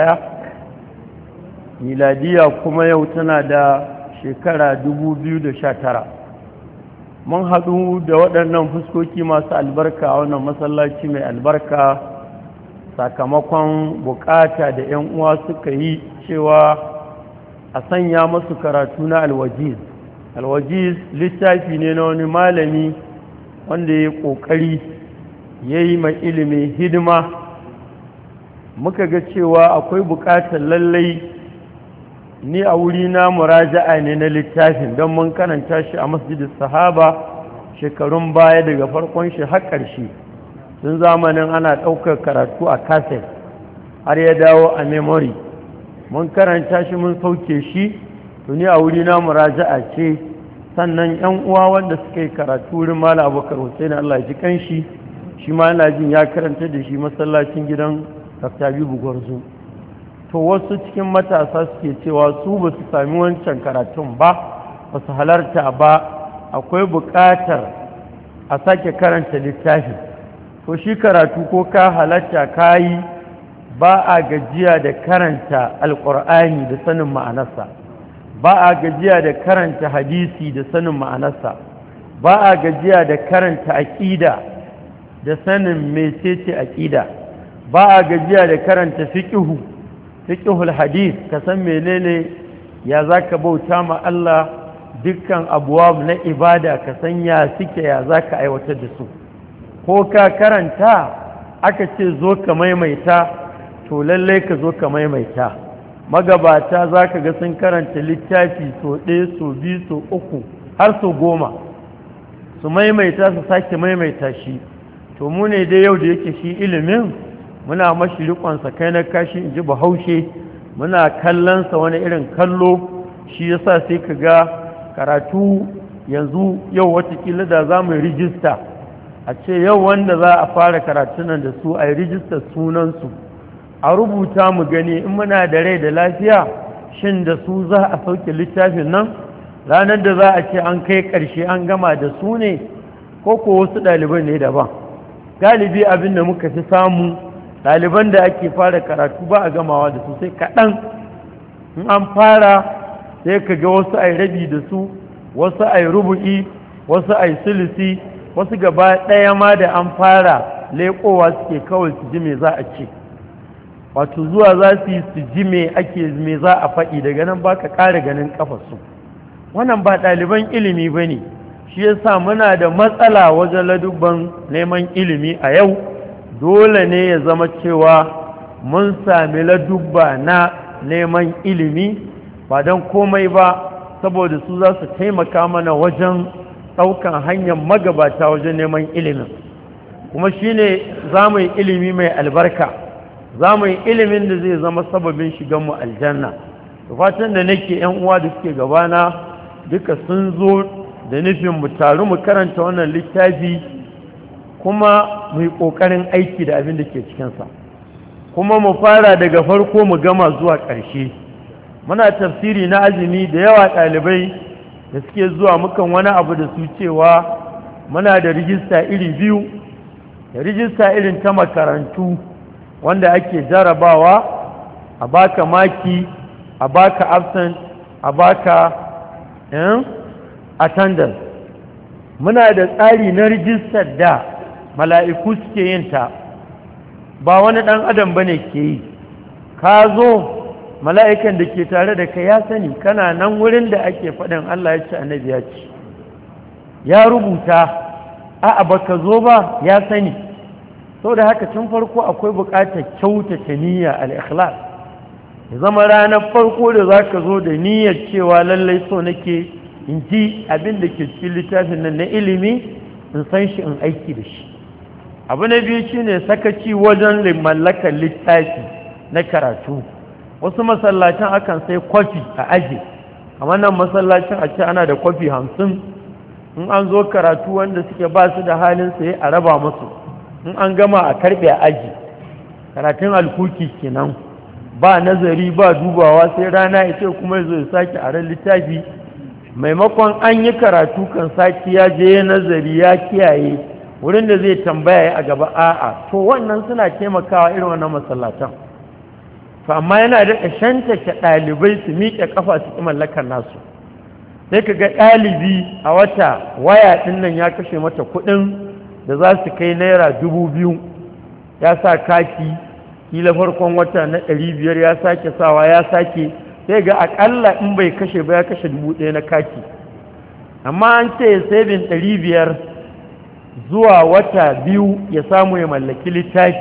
daya miladiya kuma yau tana da shekara 2019 mun haɗu da waɗannan fuskoki masu albarka a wannan masallaci mai albarka sakamakon bukata da 'yan uwa suka yi cewa a sanya masu karatu na alwajiz alwajiz littafi ne na wani malami wanda ya yi ƙoƙari ya yi mai ilimin hidima muka ga cewa akwai bukatar lallai ni a wuri na muraja'a ne na littafin don mun karanta shi a masjidin sahaba shekarun baya daga farkon shi har ƙarshe tun zamanin ana ɗaukar karatu a kaset har ya dawo a memory mun karanta shi mun sauke shi tuni a wuri na muraja'a ce sannan yan uwa wanda suka yi karatu wurin mala abokar hussein allah ji kanshi shi ma yana jin ya karanta da shi masallacin gidan dr bibu gwarzo to wasu cikin matasa suke cewa su ba su sami wancan karatun ba ba su halarta ba akwai buƙatar a sake karanta littafi to shi karatu ko ka halarta ka yi ba a gajiya da karanta alƙur'ani da sanin ma'anarsa ba a gajiya da karanta hadisi da sanin ma'anarsa ba a gajiya da karanta aƙida da sanin ce aƙida ba a gajiya da karanta fiƙihu fiƙihul hadith ka san menene ya za bauta ma Allah dukkan abuwab na ibada ka san ya suke ya za ka aiwatar da su ko ka karanta aka ce zo ka maimaita to lallai ka zo ka maimaita magabata za ka ga sun karanta littafi so ɗaya so biyu so uku har so goma su maimaita su sake maimaita shi to mu dai yau da yake shi ilimin muna mashi rikonsa kai na kashi in ji bahaushe muna kallonsa wani irin kallo shi ya sa sai ka ga karatu yanzu yau watakila da za mu rijista a ce yau wanda za a fara karatu nan da su a yi rijista sunansu a rubuta mu gani in muna da rai da lafiya shin da su za a sauke littafin nan ranar da za a ce an kai ƙarshe an gama da su ne ko ko wasu ɗalibai ne daban galibi abin da muka fi samu ɗaliban da ake fara karatu ba a gamawa da su sai kaɗan in an fara sai ka ga wasu ai rabi da su wasu ai rubu'i wasu ai silisi wasu gaba ɗaya ma da an fara leƙowa suke kawai su ji me za a ce wato zuwa za su yi su ji me ake me za a faɗi daga nan ba ka ƙara ganin ƙafarsu wannan ba ɗaliban ilimi ba ne shi yasa muna da matsala wajen ladubban neman ilimi a yau dole ne ya zama cewa mun sami ladubba na neman ilimi ba don komai ba saboda su za su taimaka mana wajen ɗaukan hanyar magabata wajen neman ilimin kuma shi ne za mu yi ilimi mai albarka za mu yi ilimin da zai zama sababin shiganmu aljanna da fatan da nake yan uwa da suke gabana duka sun zo da nufin mu taru mu karanta wannan littafi kuma mu yi ƙoƙarin aiki da abin da ke cikinsa kuma mu fara daga farko mu gama zuwa ƙarshe muna tafsiri na azumi da yawa ɗalibai da suke zuwa mukan wani abu da su cewa muna da rijista iri biyu da rijista irin ta makarantu wanda ake jarabawa a baka maki a baka absent a baka eh, attendance muna da tsari na rijistar da mala'iku suke yin ta ba wani ɗan adam ne ke yi ka zo mala'ikan da ke tare da ka ya sani kana nan wurin da ake faɗin Allah ya ce annabi ya ce ya rubuta a'a baka zo ba ya sani sau da haka tun farko akwai buƙatar kyautata niyya al ya zama ranar farko da za ka zo da niyyar cewa lallai so nake in ji abin da ke cikin littafin nan na ilimi in san shi in aiki da shi abu na biyu ne sakaci wajen mallakar littafi na karatu wasu masallacin akan sai kwafi a aji amma nan masallacin a ce ana da kwafi hamsin in an zo karatu wanda suke ba su da halin sai a raba musu in an gama a karbe a aji karatun alkuki kenan ba nazari ba dubawa sai rana ya kuma ya zo ya sake a ran littafi maimakon an yi karatu kan sake ya je nazari ya kiyaye wurin da zai tambaya a gaba a'a to wannan suna taimakawa irin wannan masallatan to amma yana da kashanta ke ɗalibai su miƙe ƙafa su ƙi mallakar nasu sai ka ga ɗalibi a wata waya ɗin nan ya kashe mata kuɗin da za su kai naira dubu biyu ya sa kaki kila farkon wata na ɗari biyar ya sake sawa ya sake sai ga aƙalla in bai kashe ba ya kashe dubu ɗaya na kaki amma an ce sabin ɗari biyar zuwa wata biyu ya samu ya mallaki littafi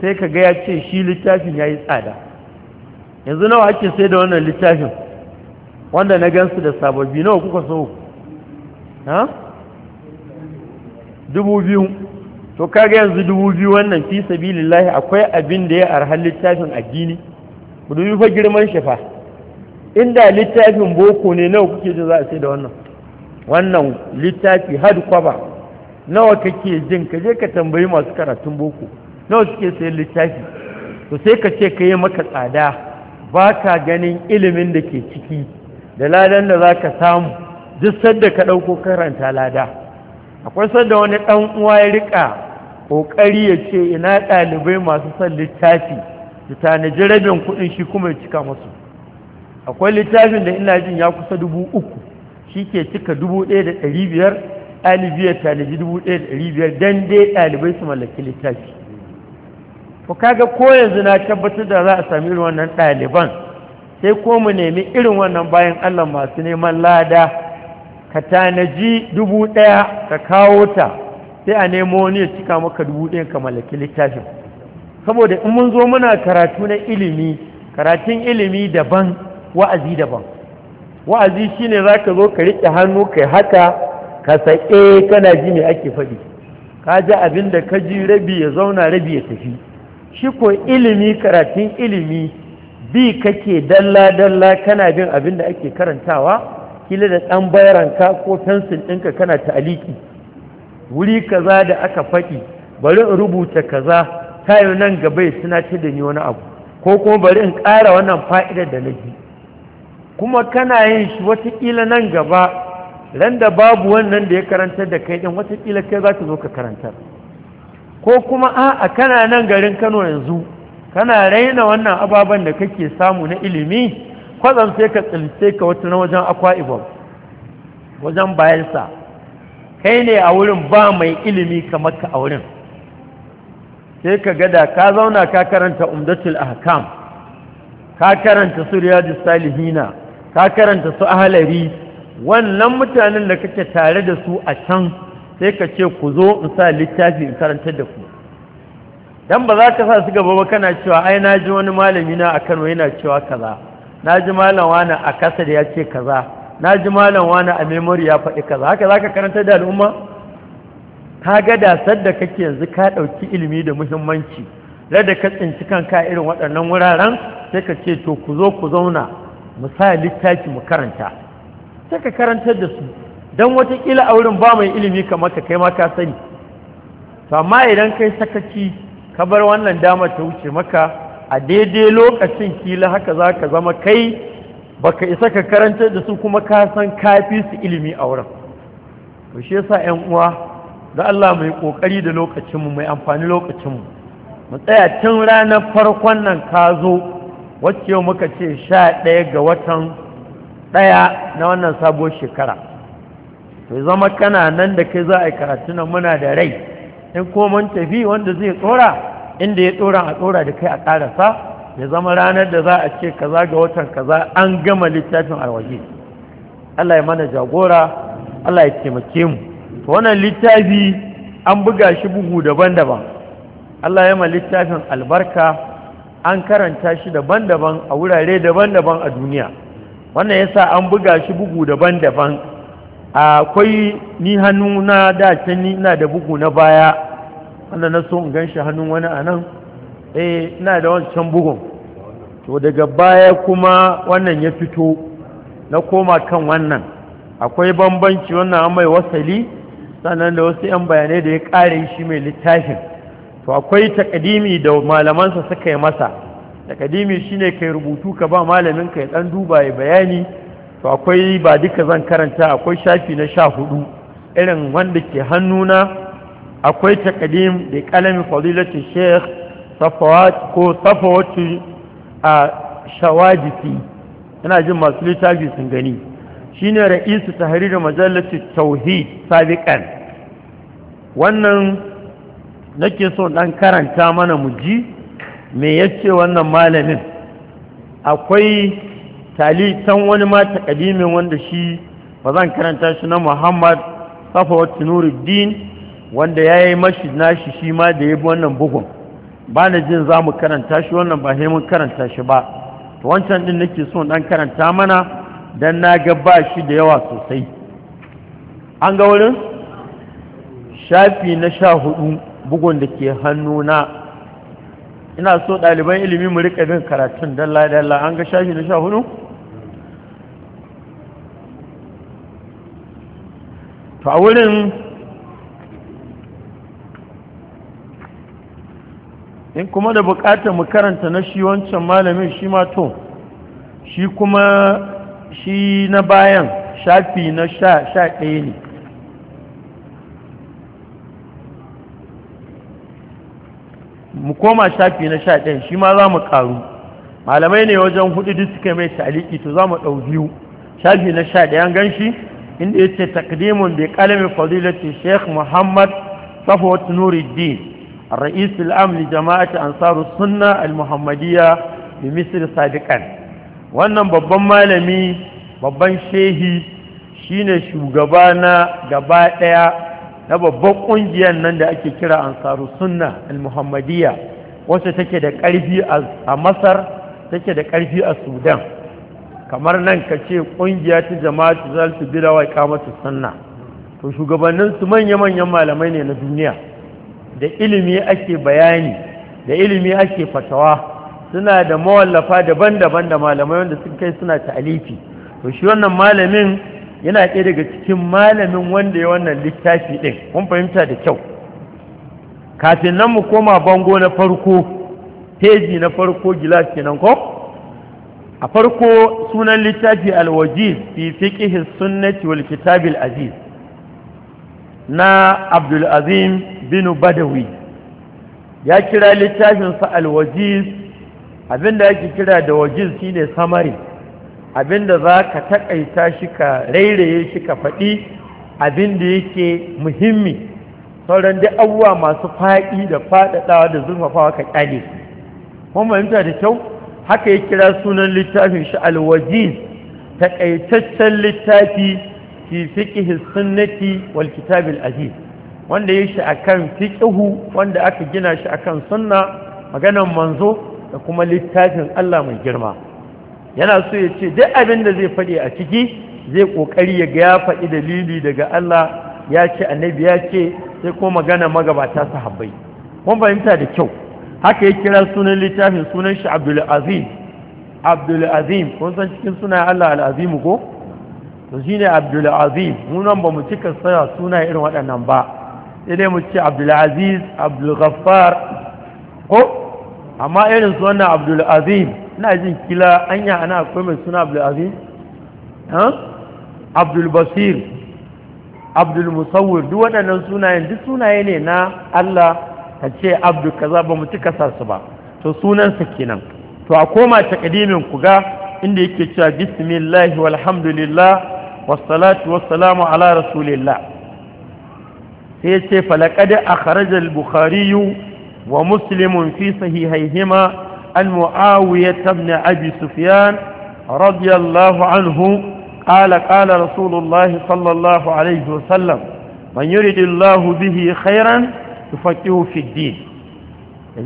sai ka ga ya ce shi littafin ya yi tsada yanzu nawa ake sai da wannan littafin wanda na gansu da sababbi nawa kuka so ha dubu biyu to kaga yanzu dubu biyu wannan fi lillahi akwai abin da ya arha littafin gini. ku dubi fa girman shafa inda littafin boko ne nawa kuke jin za a sai da wannan wannan littafi hadu kwaba nawa kake jin ka je ka tambayi masu karatun boko nawa suke sayan littafi to sai ka ce ka yi maka tsada ba ka ganin ilimin da ke ciki da ladan da za ka samu duk sadda ka ɗauko karanta lada akwai sadda wani ɗan uwa ya riƙa ƙoƙari ya ce ina ɗalibai masu son littafi su tanaji rabin kuɗin shi kuma ya cika masu akwai littafin da ina jin ya kusa dubu uku shi ke cika dubu ɗaya da ɗari biyar ɗalibi ya tanaji dubu ɗaya da ɗari biyar don dai ɗalibai su mallaki littafi to kaga ko yanzu na tabbatar da za a sami irin wannan ɗaliban sai ko mu nemi irin wannan bayan allah masu neman lada ka tanaji dubu ɗaya ka kawo ta sai a nemo wani ya cika maka dubu ɗaya ka mallaki littafin saboda in mun zo muna karatu na ilimi karatun ilimi daban wa'azi daban wa'azi shine ka zo ka riƙe hannu kai haka ka e, kana ji mai ake faɗi ka ji abin da ka ji rabi ya zauna rabi ya tafi shi ko ilimi karatun ilimi bi kake dalla-dalla kana bin abin da ake karantawa kila da ɗan bayaranka ko fensin ɗinka kana ta'aliki wuri kaza da aka faɗi bari in rubuta kaza tayo nan gaba ya tunatar da ni wani abu ko kuma bari in ƙara wannan fa'idar da na ji kuma kana yin shi watakila nan gaba ran da babu wannan da ya karantar da kai ɗin watakila kai za ta zo ka karantar ko kuma a kana nan garin kano yanzu kana raina wannan ababen da kake samu na ilimi kwatsam sai ka tsilce ka wata na wajen akwa ibom wajen bayansa kai ne a wurin ba mai ilimi kamar ka a wurin sai ka gada ka zauna ka karanta umdatul ahkam ka karanta su riyadu salihina ka karanta su ahalari wannan mutanen da kake tare da su a can sai ka ce ku zo in sa littafi in karantar da ku dan ba za ka sa su gaba ba kana cewa ai na ji wani malami na a Kano yana cewa kaza na ji malam wani a kasar ya ce kaza na ji malam wani a memory ya faɗi kaza haka za ka karantar da al'umma ka ga dasar da kake yanzu ka ɗauki ilimi da muhimmanci da ka tsinci kanka irin waɗannan wuraren sai ka ce to ku zo ku zauna mu sa littafi mu karanta sai ka karantar da su don watakila a wurin ba mai ilimi kamar ka kai ma ka sani to amma idan kai sakaci ka bar wannan dama ta wuce maka a daidai lokacin kila haka za ka zama kai baka isa ka karantar da su kuma ka san ka fi su ilimi a wurin to shi yasa ƴan uwa da Allah mai kokari da lokacinmu mai amfani lokacinmu mu tsaya tun ranar farkon nan ka zo wacce muka ce sha ɗaya ga watan ɗaya na wannan sabuwar shekara to zama kana nan da kai za a yi karatu nan muna da rai in ko mun tafi wanda zai tsora inda ya tsora a tsora da kai a ƙarasa ya zama ranar da za a ce kaza ga watan kaza an gama littafin alwaje Allah ya mana jagora Allah ya taimake mu to wannan littafi an buga shi bugu daban-daban Allah ya ma littafin albarka an karanta shi daban-daban a wurare daban-daban a duniya wannan ya sa an buga shi bugu daban-daban akwai ni hannu na da can ni ina da bugu na baya wanda na so in gan shi hannun wani a nan eh ina da wancan bugun to daga baya kuma wannan ya fito na koma kan wannan akwai bambanci wannan an mai wasali sannan da wasu 'yan bayanai da ya kare shi mai littafin to akwai takadimi da malamansa suka yi masa takadimi shine kai rubutu ka ba malamin ka ya ɗan duba ya bayani to akwai ba duka zan karanta akwai shafi na sha hudu irin wanda ke hannuna akwai takadim da kalami fadilati sheikh safawat ko safawatu a shawajisi ina jin masu littafi sun gani shine ra'isu da majallati tauhid sabiqan wannan nake son dan karanta mana muji me yace wannan malamin akwai talitan wani ma kadimin wanda shi ba zan karanta shi na Muhammad Safawat Nuruddin wanda yayi mashi nashi shi ma da yabi wannan bugun ba na jin za mu karanta shi wannan ba mun karanta shi ba to wancan din nake so dan karanta mana dan na ga ba shi da yawa sosai an ga wurin shafi na sha hudu bugun da ke hannuna ina so ɗaliban ilimi mu riƙa bin karatun dalla-dalla an ga shafi na sha hudu? to a wurin in kuma da buƙatar mu karanta na shi wancan malamin shi mato shi kuma shi na bayan shafi na sha ɗaya ne mu koma shafi na sha ɗaya shi ma za mu ƙaru malamai ne wajen hudu duk suka mai taliki to za mu ɗau biyu shafi na sha ɗaya gan shi inda ya ce takdimun bi kalamin fadilati sheikh muhammad safwat nuruddin الرئيس العام لجماعة أنصار السنة المحمدية بمصر sadiqan wannan babban malami babban shehi shine shugaba na gaba ɗaya na babban ƙungiyar nan da ake kira ansaru sunna al-muhammadiyya wacce take da ƙarfi a masar take da ƙarfi a sudan kamar nan ka ce ƙungiya ta jama'atu za su bida wa kamatu sunna to shugabanninsu manya-manyan malamai ne na duniya da ilimi ake bayani da ilimi ake fatawa suna da mawallafa daban-daban da malamai wanda sun kai suna ta'alifi to shi wannan malamin yana ɗaya daga cikin malamin wanda ya wannan littafi ɗin kun fahimta da kyau kafin nan mu koma bango na farko teji na farko gilas kenan ko a farko sunan littafi alwajiz fi fiqh sunnati wal kitab al aziz na abdul azim bin badawi ya kira littafinsa alwajiz abinda yake kira da wajiz shine samari abinda za ka taƙaita shi ka rairaye shi ka faɗi abin abinda yake muhimmi sauran dai abubuwa masu faɗi da faɗaɗawa da zurfafawa ka ƙyale su kuma mahimta da kyau haka ya kira sunan littafin shi alwajiz taƙaitaccen littafi fi fiqhi sunnati wal kitabil wanda ya shi akan fiƙihu wanda aka gina shi a kan sunna maganan manzo da kuma littafin Allah mai girma yana so ya ce duk abin da zai faɗi a ciki zai ƙoƙari ya ga ya faɗi dalili daga Allah ya ce annabi ya ce sai ko magana magabata habbai kun fahimta da kyau haka ya kira sunan littafin sunan shi Abdul Azim Abdul Azim kun san cikin suna Allah Al Azim ko to shine Abdul Azim mu nan ba mu cika sana suna irin waɗannan ba sai dai mu ce Abdul Aziz Abdul Ghaffar ko amma irin su wannan abdul azim ina jin kila anya ana akwai mai suna abdul azim abdul basir abdul musawwir duk waɗannan sunayen duk sunaye ne na Allah ka ce abdul kaza ba mu ci ba to sunansa kenan to a koma ta ku ga inda yake cewa bismillah walhamdulillah wassalatu wassalamu ala rasulillah sai ce falaqad akhraja al-bukhari ومسلم في صحيحيهما عن معاوية بن أبي سفيان رضي الله عنه قال قال رسول الله صلى الله عليه وسلم من يريد الله به خيرا يفكه في الدين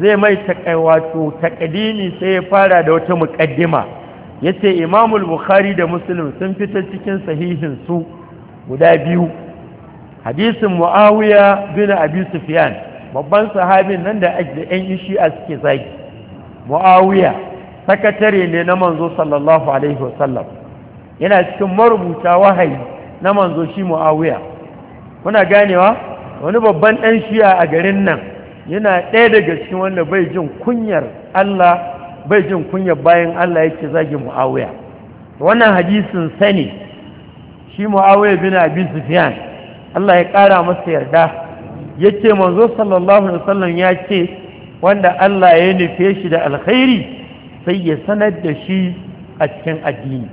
zai mai wato takadini sai ya fara da wata mukaddima yace imamul bukhari da muslim sun fita cikin sahihin su guda biyu hadisin muawiya bin abi babban sahabin nan da yan shi'a suke zagi muawiya sakatare ne na manzo sallallahu alaihi wasallam yana cikin marubuta wahayi na manzo shi muawiya kuna ganewa wani babban ɗan shi'a a garin nan yana ɗaya daga cikin wanda bai jin kunyar Allah bai jin kunyar bayan Allah yake zagi muawiya wannan hadisin sani shi muawiya bin abi sufyan Allah ya ƙara masa yarda yace manzo sallallahu alaihi wasallam ya ce wanda Allah ya nufe shi da alkhairi sai ya sanar da shi a cikin addini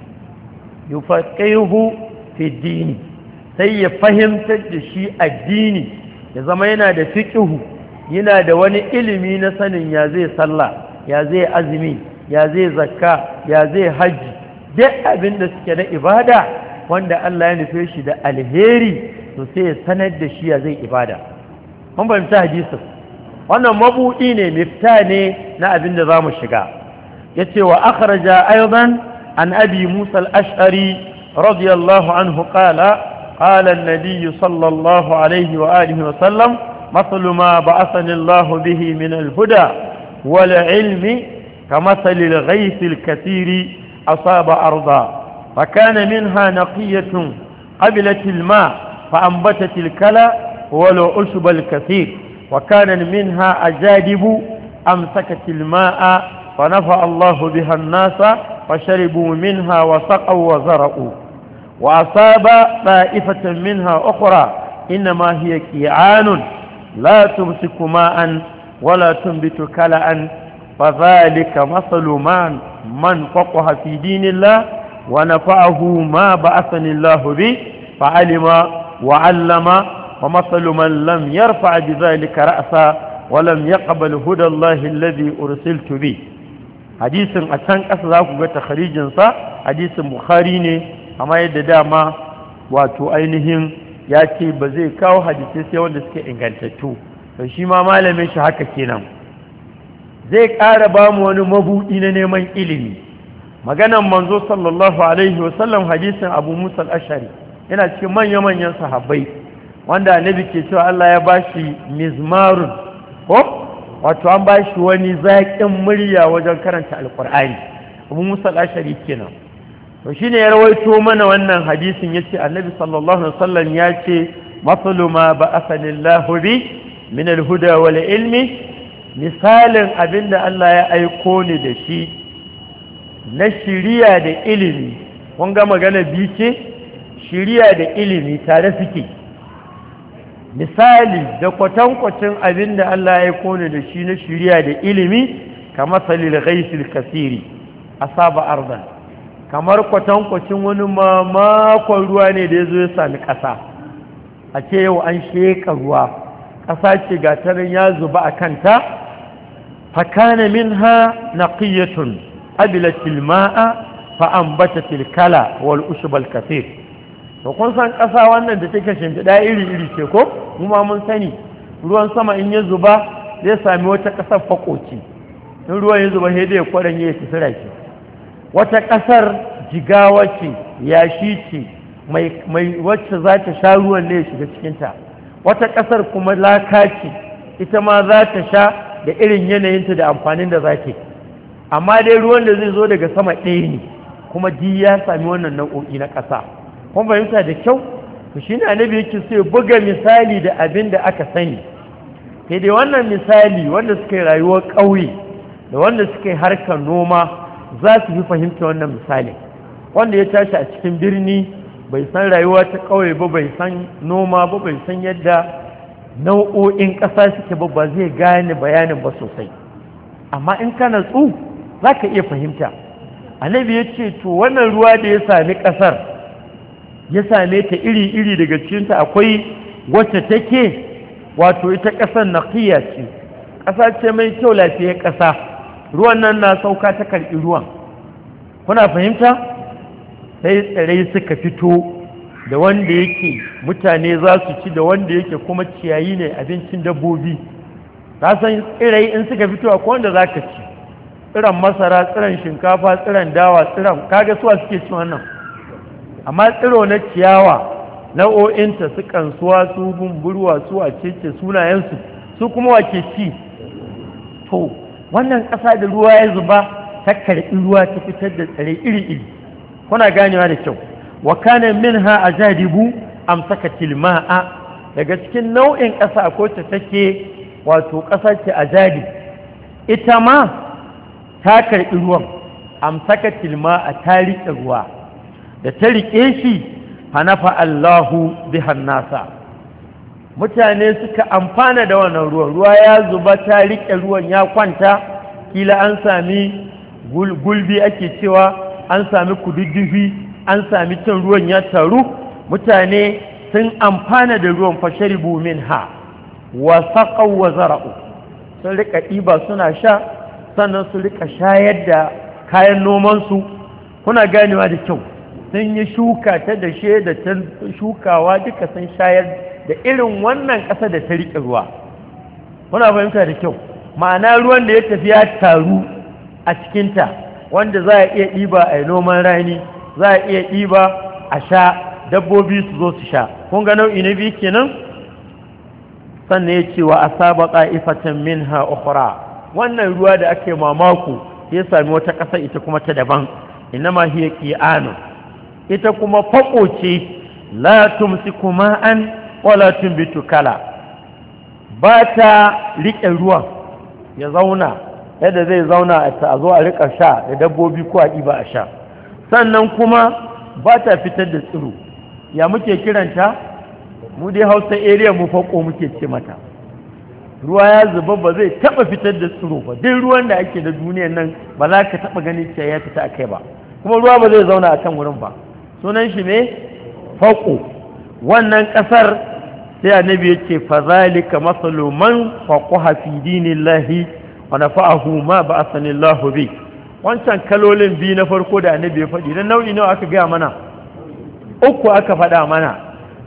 yufaqihu fi dini sai ya fahimtar da shi addini ya zama yana da fiqhu yana da wani ilimi na sanin ya zai sallah ya zai azumi ya zai zakka ya zai hajji duk abin da suke na ibada wanda Allah ya nufe shi da alheri to sai ya sanar da shi ya zai ibada mun fahimci hadisi wannan mabuɗi ne mifta ne na abin da za mu shiga yace ce wa akharaja aizan an abi musa al’ashari radiyallahu an hukala ƙalan nadiyu sallallahu alaihi wa sallam masaluma ba asanillahu bihi min alhuda wal ilmi ka masalil ghaifil kasiri asaba arda fa kana minha naqiyatun qabilatil ma fa ambatatil kala ولو أشب الكثير وكان منها أجادب أمسكت الماء فنفع الله بها الناس فشربوا منها وسقوا وزرعوا وأصاب طائفة منها أخرى إنما هي كيعان لا تمسك ماء ولا تنبت كلأ فذلك مثل من من فقه في دين الله ونفعه ما بعثني الله به فعلم وعلم ومثل من لم يرفع بذلك رأسا ولم يقبل هدى الله الذي أرسلت به حديث أتنك أسلاك بتخريج حديث بخاري أما يددا ما واتو أينهم ياتي بزيكا وحديثي سيوان لسكي إنغانتتو فشيما ما لم يشحك كينام zai ƙara ba mu wani mabuɗi na neman ilimi maganan manzo sallallahu alaihi wasallam hadisin abu musa ashari yana cikin manya-manyan sahabbai wanda annabi ke cewa Allah ya bashi mizmarun ko wato an bashi wani zaƙin murya wajen karanta alƙur'ani abu musa ashari kenan to shine ya rawaito mana wannan hadisin yace annabi sallallahu alaihi wasallam ya ce masalu ma ba'athallahu bi min alhuda wal ilmi misalin abinda Allah ya aiko ni da shi na shiriya da ilimi kun ga magana bi ce shiriya da ilimi tare suke misali da kwatankwacin abin da Allah ya kone da shi na shirya da ilimi kamar salil ghaisil kasiri a saba arzan, kamar kwatankwacin wani mamakon ruwa ne da ya zo ya sami ƙasa a ce yau an sheka ruwa ƙasa ce ga tarin ya zuba a kanta fakana minha naqiyatun qabilat alma'a fa anbatat alkala wal ushbal kasiri to kun san ƙasa wannan da take shimfiɗa iri-iri ce ko kuma mun sani ruwan sama in ya zuba zai sami wata ƙasar faƙoci, in ruwan ya zuba sai ya kwaran ya tafi rafi wata ƙasar jigawa ce yashi ce mai wacce za ta sha ruwan ne ya shiga ta wata ƙasar kuma laka ce ita ma za ta sha da irin yanayinta da amfanin da za ta amma dai ruwan da zai zo daga sama ɗaya ne kuma ji ya sami wannan nau'o'i na ƙasa bai fahimta da kyau to shi ne annabi yake so ya buga misali da abin da aka sani sai dai wannan misali wanda suka yi rayuwar ƙauye da wanda suka yi harkar noma za su fi fahimta wannan misali wanda ya tashi a cikin birni bai san rayuwa ta ƙauye ba bai san noma ba bai san yadda nau'o'in ƙasa suke ba ba zai gane bayanin ba sosai amma in ka natsu za ka iya fahimta annabi ya ce to wannan ruwa da ya sami ƙasar ya same ta iri-iri daga cikinta akwai wacce take wato ita ƙasar naqiya ce ƙasa ce mai kyau lafiya ƙasa ruwan nan na sauka ta karɓi ruwan kuna fahimta sai tsere suka fito da wanda yake mutane za su ci da wanda yake kuma ciyayi ne abincin dabbobi ta san tsirai in suka fito akwai wanda za ka ci tsiran masara tsiran shinkafa tsiran dawa tsiran kaga suwa suke ci wannan amma tsiro na ciyawa nau'o'inta su kansuwa su bumburwa su a cece sunayensu su kuma ke ci to wannan ƙasa da ruwa ya zuba ta karɓi ruwa ta fitar da tsare iri-iri kuna ganewa da kyau wa kana minha ajadibu amsaka tilma'a daga cikin nau'in ƙasa ko ta take wato ƙasa ce a jari ita ma ta karɓi ruwan amsaka tilma'a ta riƙe ruwa da ta riƙe shi hanafa Allahu bihan nasa mutane suka amfana da wannan ruwan ruwa ya zuba ta riƙe ruwan ya kwanta kila an sami gulbi ake cewa an sami kududdufi an sami cin ruwan ya taru mutane sun amfana da ruwan fasharibu min ha wa saƙau wa zara'u sun riƙa ɗiba suna sha sannan su riƙa shayar da kayan nomansu kuna ganewa da kyau sun yi shuka ta da dashe da ta shukawa duka sun shayar da irin wannan ƙasa da ta riƙe ruwa muna fahimta da kyau ma'ana ruwan da ya tafi ya taru a cikinta wanda za a iya ɗiba a yi noman rani za a iya ɗiba a sha dabbobi su zo su sha kun ga nau'i na biyu kenan sannan ya ce wa ƙa'ifatan min min ukhra wannan ruwa da ake mamako ya sami wata ƙasa ita kuma ta daban inma hiya qi'anun ita kuma faƙo ce la kuma an wala tumbitu kala ba ta riƙe ruwan ya zauna yadda zai zauna a zo a riƙa sha da dabbobi ko a ɗiba a sha sannan kuma ba ta fitar da tsiro ya muke kiranta mu dai hausa area mu faƙo muke ce mata ruwa ya zuba ba zai taɓa fitar da tsiro ba duk ruwan da ake da duniyan nan ba za ka taɓa ganin cewa ya fita a kai ba kuma ruwa ba zai zauna a kan wurin ba sunan shi ne faƙo wannan ƙasar sai annabi ya ce fazalika masalu man faƙo Hafidinillahi wa nafa'ahu ma ba'athanillahu bi wancan kalolin biyu na farko da annabi ya faɗi dan nau'i nawa aka gaya mana uku aka faɗa mana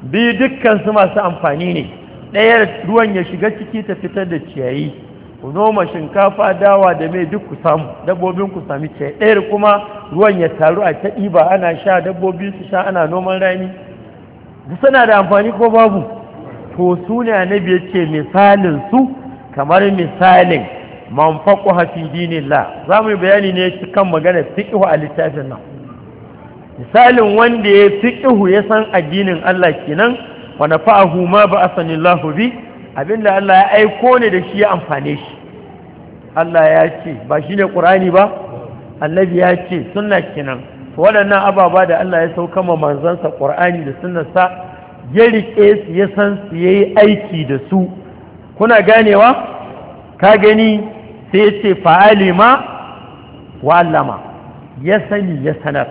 biyu dukkan su masu amfani ne ɗayar ruwan ya shiga ciki ta fitar da ciyayi ku noma shinkafa dawa da mai duk ku samu dabbobin ku sami ce ɗayar kuma ruwan ya taru a ta ba ana sha dabbobi su sha ana noman rani duk suna da amfani ko babu to su ne annabi ya ce misalin su kamar misalin man faƙo hafi dinillah za mu yi bayani ne kan magana fiƙihu a littafin nan misalin wanda ya fiƙihu ya san addinin Allah kenan wa nafa'ahu ma ba asanillahu bi abinda Allah ya aiko ne da shi ya amfane shi Allah ya ce ba shi ne ƙurani ba annabi ya ce suna kenan waɗannan ababa da Allah ya sauka ma manzansa ƙurani da sunansa, ya riƙe su ya san su ya yi aiki da su kuna ganewa ka gani sai ya ce fa'alima wa'allama ya sani ya sanar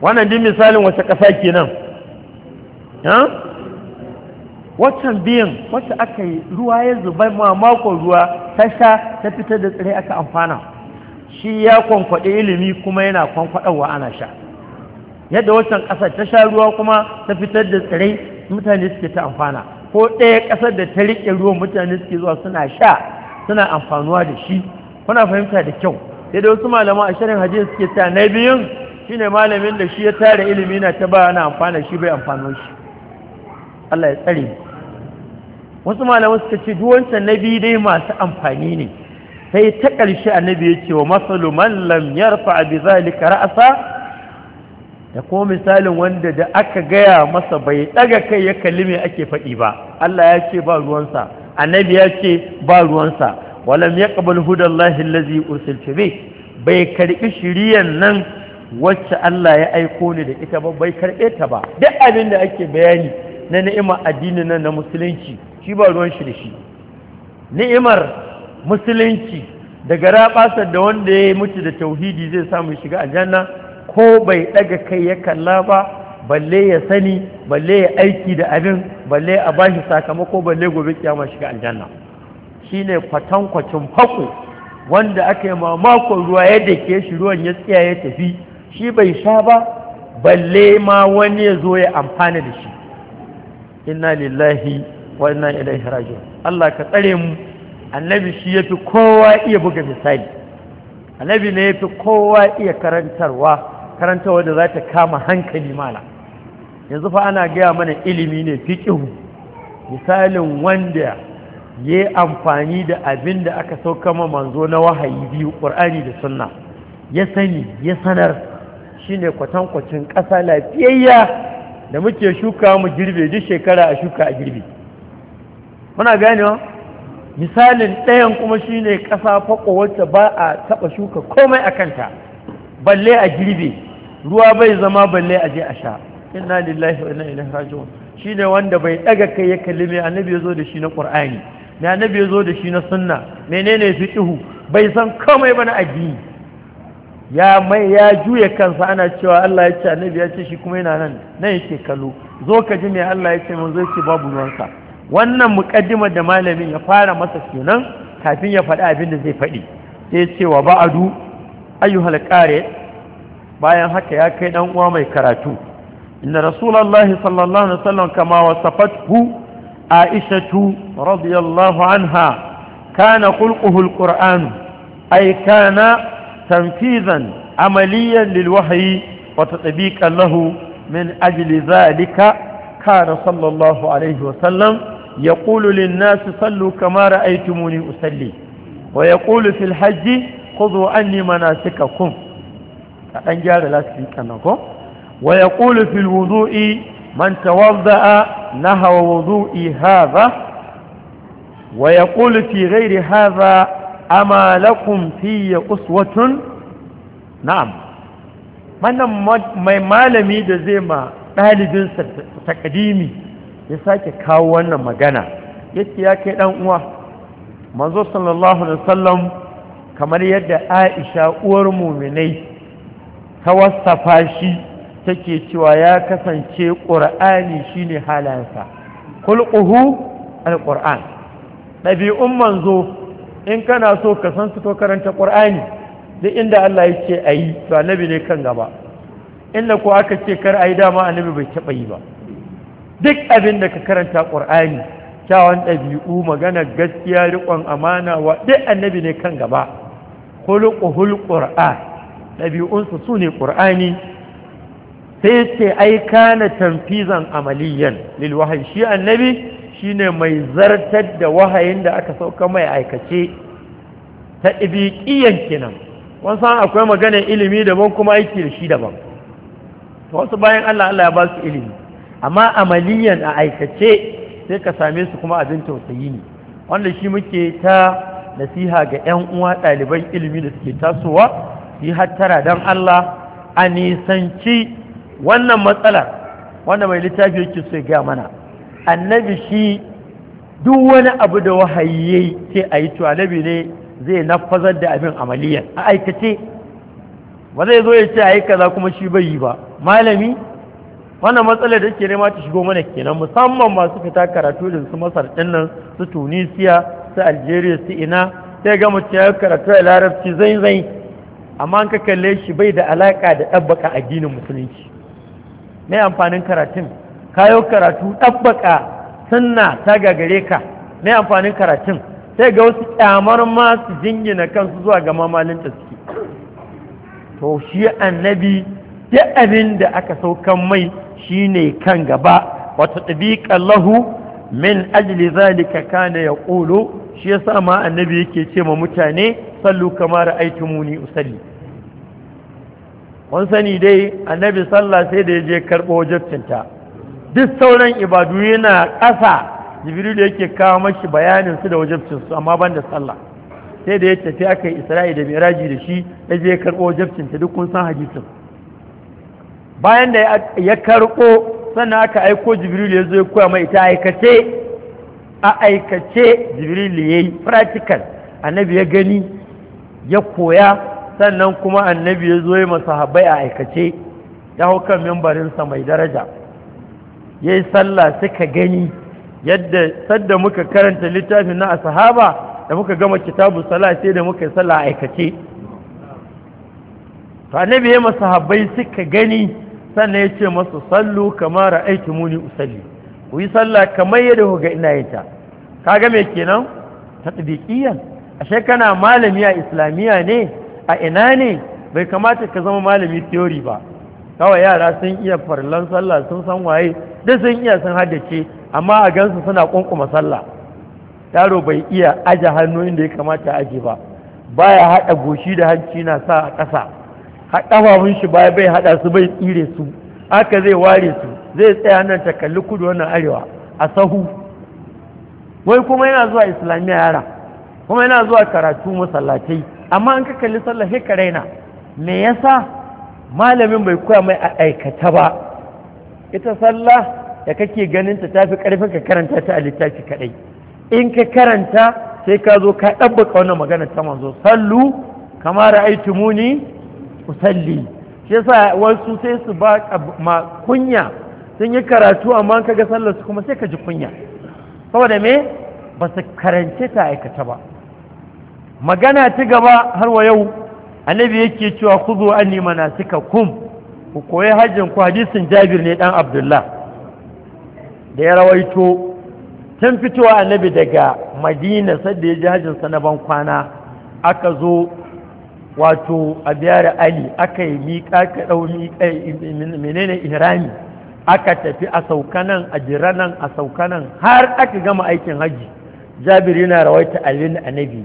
wannan din misalin wace ƙasa nan? waccan biyan wacce aka yi ruwa ya zuba makon ruwa ta ta fitar da tsirai aka amfana shi ya kwankwaɗe ilimi kuma yana kwankwaɗawa ana sha yadda wancan ƙasar ta sha ruwa kuma ta fitar da tsirai mutane suke ta amfana ko ɗaya ƙasar da ta riƙe ruwan mutane suke zuwa suna sha suna amfanuwa da shi kuna fahimta da kyau yadda wasu malaman a shirin hajji suke ta na biyun shine malamin da shi ya tara ilimi na ta ba na amfana shi bai amfano shi Allah ya tsare wasu malamai suka ce duwanta na biyu dai masu amfani ne sai ta ƙarshe annabi ya ce wa masalu man lam yarfa a zalika ra'asa? da kuma misalin wanda da aka gaya masa bai ɗaga kai ya kalli mai ake faɗi ba Allah ya ce ba ruwansa annabi ya ce ba ruwansa walam yaqbal hudallahi lazi ursiltu bih bai karɓi shiriyan nan wacce Allah ya aiko ni da ita ba bai karɓe ta ba duk abin da ake bayani na ni'ima addini nan na musulunci shi ba ruwan shi da shi ni'imar musulunci daga rabasar da wanda ya mutu da tauhidi zai samu shiga aljanna ko bai daga kai ya kalla ba balle ya sani balle ya aiki da abin balle a bashi sakamako balle gobe kiyama shiga aljanna shine kwatankwacin fako wanda aka yi mamakon ruwa yadda ke shi ruwan ya tsaya ya tafi shi bai sha ba balle ma wani ya zo ya amfana da shi inna lillahi Wannan inna ilaihi Allah ka tsare mu annabi shi yafi kowa iya buga misali annabi ne yafi kowa iya karantarwa karantarwa da zata kama hankali mana. yanzu fa ana gaya mana ilimi ne fiqihu misalin wanda ya amfani da abin da aka sauka ma manzo na wahayi biyu ƙur'ani da sunna ya sani ya sanar shine kwatankwacin ƙasa lafiyayya da muke shuka mu girbe duk shekara a shuka a girbe muna ganewa misalin ɗayan kuma shine ƙasa faƙo wacce ba a taɓa shuka komai a kanta balle a girbe ruwa bai zama balle a je a sha inna lillahi wa inna ilaihi raji'un shine wanda bai ɗaga kai ya kalli mai annabi ya zo da shi na ƙur'ani mai annabi ya zo da shi na sunna menene fiqhu bai san komai ba na addini ya mai ya juya kansa ana cewa Allah ya ce annabi ya ce shi kuma yana nan nan yake kallo zo ka ji me Allah ya ce mun zo ce babu ruwanka. wannan muƙaddimar da malamin ya fara masa kenan kafin ya faɗi abin da zai faɗi sai cewa ba'adu ayyuhal qari bayan haka ya kai dan uwa mai karatu inna rasulullahi sallallahu alaihi wasallam kama wasafathu aishatu radiyallahu anha kana khulquhu alquran ay kana tanfizan amaliyan lilwahyi wa tatbiqan lahu min ajli dhalika kana sallallahu alaihi wasallam يقول للناس صلوا كما رأيتموني أصلي ويقول في الحج خذوا عني مناسككم ويقول في الوضوء من توضأ نهى وضوئي هذا ويقول في غير هذا أما لكم في أسوة نعم من ما دزيما أهل ta تقديمي ya sake kawo wannan magana yace ya kai dan uwa manzo sallallahu alaihi wasallam kamar yadda Aisha uwar mu'minai ta wasafa shi take cewa ya kasance qur'ani shine halansa kulquhu alquran dabi'un manzo in kana so ka san su to karanta qur'ani duk inda Allah ya ce ayi to annabi ne kan gaba inda ko aka ce kar a yi dama annabi bai taɓa yi ba duk abin da ka karanta ƙur'ani kyawun ɗabi'u magana gaskiya riƙon amana wa duk annabi ne kan gaba hulƙuhul ƙur'an ɗabi'unsu su ne ƙur'ani sai ce ai kana tamfizan amaliyan lil shi annabi shi ne mai zartar da wahayin da aka sauka mai aikace ta ibiƙiyan kenan wasan akwai maganar ilimi daban kuma aiki da shi daban wasu bayan Allah Allah ya ba su ilimi amma amaliyan a aikace sai ka same su kuma abin tausayi ne wanda shi muke ta nasiha ga 'yan uwa ɗaliban ilimi da suke tasowa yi hattara don Allah a nisanci wannan matsalar wanda mai littafi yake so ya mana annabi shi duk wani abu da wahayi ce a yi to annabi ne zai nafazar da abin amaliyan a aikace ba zai zo ya ce a yi kaza kuma shi bai yi ba malami wannan matsalar da ke nema ta shigo mana kenan musamman masu fita karatu da su masar nan su tunisiya su algeria su ina sai ga mutum ya karatu a larabci zai zai amma an ka kalle shi bai da alaƙa da ɗabbaka addinin musulunci mai amfanin karatun kayo karatu ɗabbaka sunna ta gagare ka mai amfanin karatun sai ga wasu ƙyamar ma su jingina kansu zuwa ga mamalin suke. to shi annabi duk abin da aka saukan mai Shi ne kan gaba wata tabiqan lahu min ajli zalika kana yaqulu shi ya sa ma annabi yake ce ma mutane sallu aiki muni usalli Wani sani dai annabi sallah sai da ya je karbo jabtinta duk sauran ibadu yana ƙasa da yake kawo mashi bayanin su da wajabcin su amma da sallah sai da ya tafi aka yi isra'i da miraji da shi ya je karbo wajabcinta duk kun san hadisin bayan da ya karko sannan aka aiko jibril ya zo ya koya mai ta aikace a aikace jibril ya yi practical annabi ya gani ya koya sannan kuma annabi ya zo ya masahabai a aikace ya hau kan mai daraja ya yi sallah suka gani yadda sadda muka karanta littafin na a sahaba da muka gama kitabu sallah sai da muka yi sallah a aikace to annabi ya masahabbai suka gani sannan ya ce masu sallu kamar aiki muni usalli ku yi sallah kamar yadda ku ga ina yin ta kaga me kenan tatbiqiyan ashe kana malami a islamiyya ne a ina ne bai kamata ka zama malami theory ba kawai yara sun iya farlan sallah sun san waye duk sun iya sun haddace amma a gansu suna kunkuma sallah yaro bai iya aje hannu inda ya kamata aje ba baya haɗa goshi da hanci na sa a ƙasa haɗafafun shi baya bai haɗa su bai tsire su aka zai ware su zai tsaya nan ta kalli kudu wannan arewa a sahu wai kuma yana zuwa islamiyya yara kuma yana zuwa karatu masallatai amma an ka kalli sallah sai ka raina me yasa malamin bai koya mai a aikata ba ita sallah da kake ganin ta tafi karfin ka karanta ta a littafi kadai in ka karanta sai ka zo ka ɗabbaka wannan magana ta manzo sallu kamar ra'aytumuni usalli shi yasa wasu sai su ba ma kunya sun yi karatu amma ka ga sallar su kuma sai ka ji kunya saboda me ba su karance ta aikata ba magana ta gaba har wa yau annabi yake cewa ku zo an nima na suka kum ku koyi hajjin ku hadisin jabir ne dan abdullah da ya rawaito tun fitowa annabi daga madina sadda ya ji hajjinsa na ban kwana aka zo wato a biyar ali aka yi miƙa ka ɗau menene ihrami aka tafi a saukanan a jiranan a saukanan har aka gama aikin hajji jabir yana rawaita alin annabi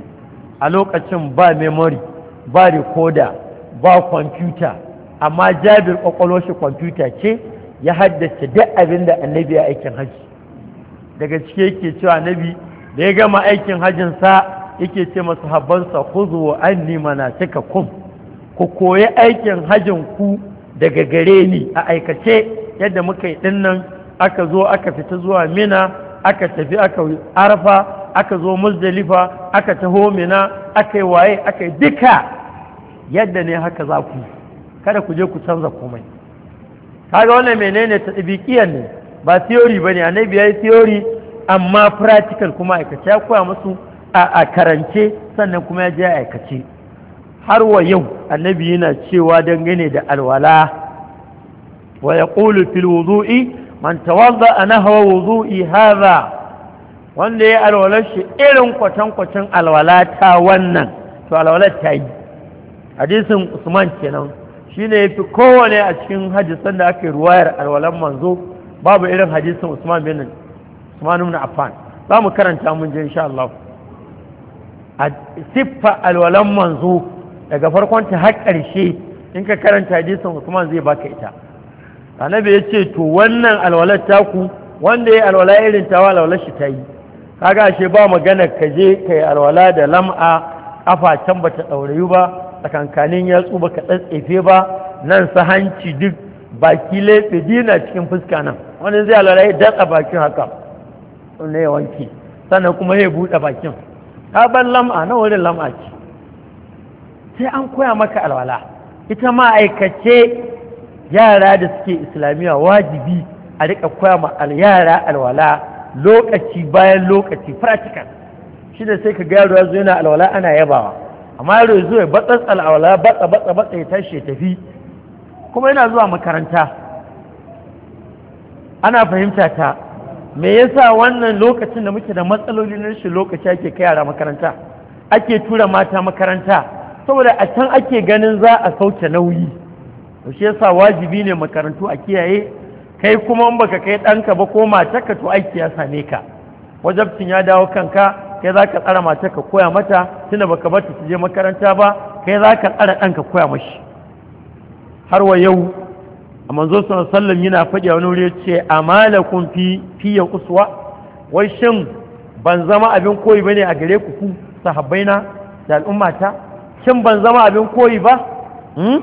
a lokacin ba memory ba rikoda ba kwamfuta amma jabir kwakwalwar shi kwamfuta ce ya haddace duk abin da annabi ya aikin hajji daga cike yake cewa annabi da ya gama aikin hajjinsa yake ce masu habansa huzu anni kun? ku koyi aikin hajin ku daga gare ni a aikace yadda muka yi dinnan aka zo aka fita zuwa mina aka tafi aka arfa aka zo muzdalifa aka taho mina aka yi waye aka yi duka yadda ne haka za ku kada ku je ku canza komai kaga wannan menene ta tsibiƙiyar ne ba theory ba ne annabi ya yi theory amma practical kuma aikace ya koya musu a karance sannan kuma ya je a aikace har wa yau annabi yana cewa dangane da alwala wa ya ƙulu fil wuzu'i man tawadda a nahawa wuzu'i haza wanda ya alwalar shi irin kwatankwacin alwala ta wannan to alwalar ta yi hadisin usman kenan shi ne ya fi kowane a cikin hadisan da aka yi ruwayar alwalar manzo babu irin hadisin usman bin usman ibn affan za mu karanta mun je insha Allah a siffa alwalan manzo daga farkon ta har ƙarshe in ka karanta hadisin Usman zai baka ita annabi ya ce to wannan alwalar ta ku? wanda ya alwala irin tawa alwalar shi ta yi kaga ashe ba magana ka je ka yi alwala da lam'a kafa can bata ɗaurayu ba tsakankanin yatsu baka tsatsefe ba nan sa hanci duk baki lefe dina cikin fuska nan wani zai alwala ya datsa bakin haka ne ya wanke sannan kuma ya buɗe bakin sabon lam'a na wurin lam'a ce sai an koya maka alwala ita ma'aikace yara da suke islamiyya wajibi a rika koya ma yara alwala lokaci bayan lokaci practical shi da sai ka ga yaro yazo yana alwala ana yabawa amma yaro yazo ya batsas alwala batsa batsa batsa ya tashi ya tafi kuma yana zuwa makaranta ana fahimta ta me yasa wannan lokacin da muke da na rashin lokaci ake kai yara makaranta ake tura mata makaranta saboda a can ake ganin za a sauke nauyi to shi yasa wajibi ne makarantu a kiyaye kai kuma in baka kai ɗanka ba ko matarka to aiki ya same ka wajabcin ya dawo kanka kai za ka tsara ka koya mata tunda baka bar ta je makaranta ba kai za ka tsara ɗanka koya mashi har wa yau a manzo sallam yana faɗi a wani wuri ce malakun fi fiye kusuwa? wai shin ban zama abin koyi ba ne a gare ku ku sahabbaina da al'ummata shin ban zama abin koyi ba hmm?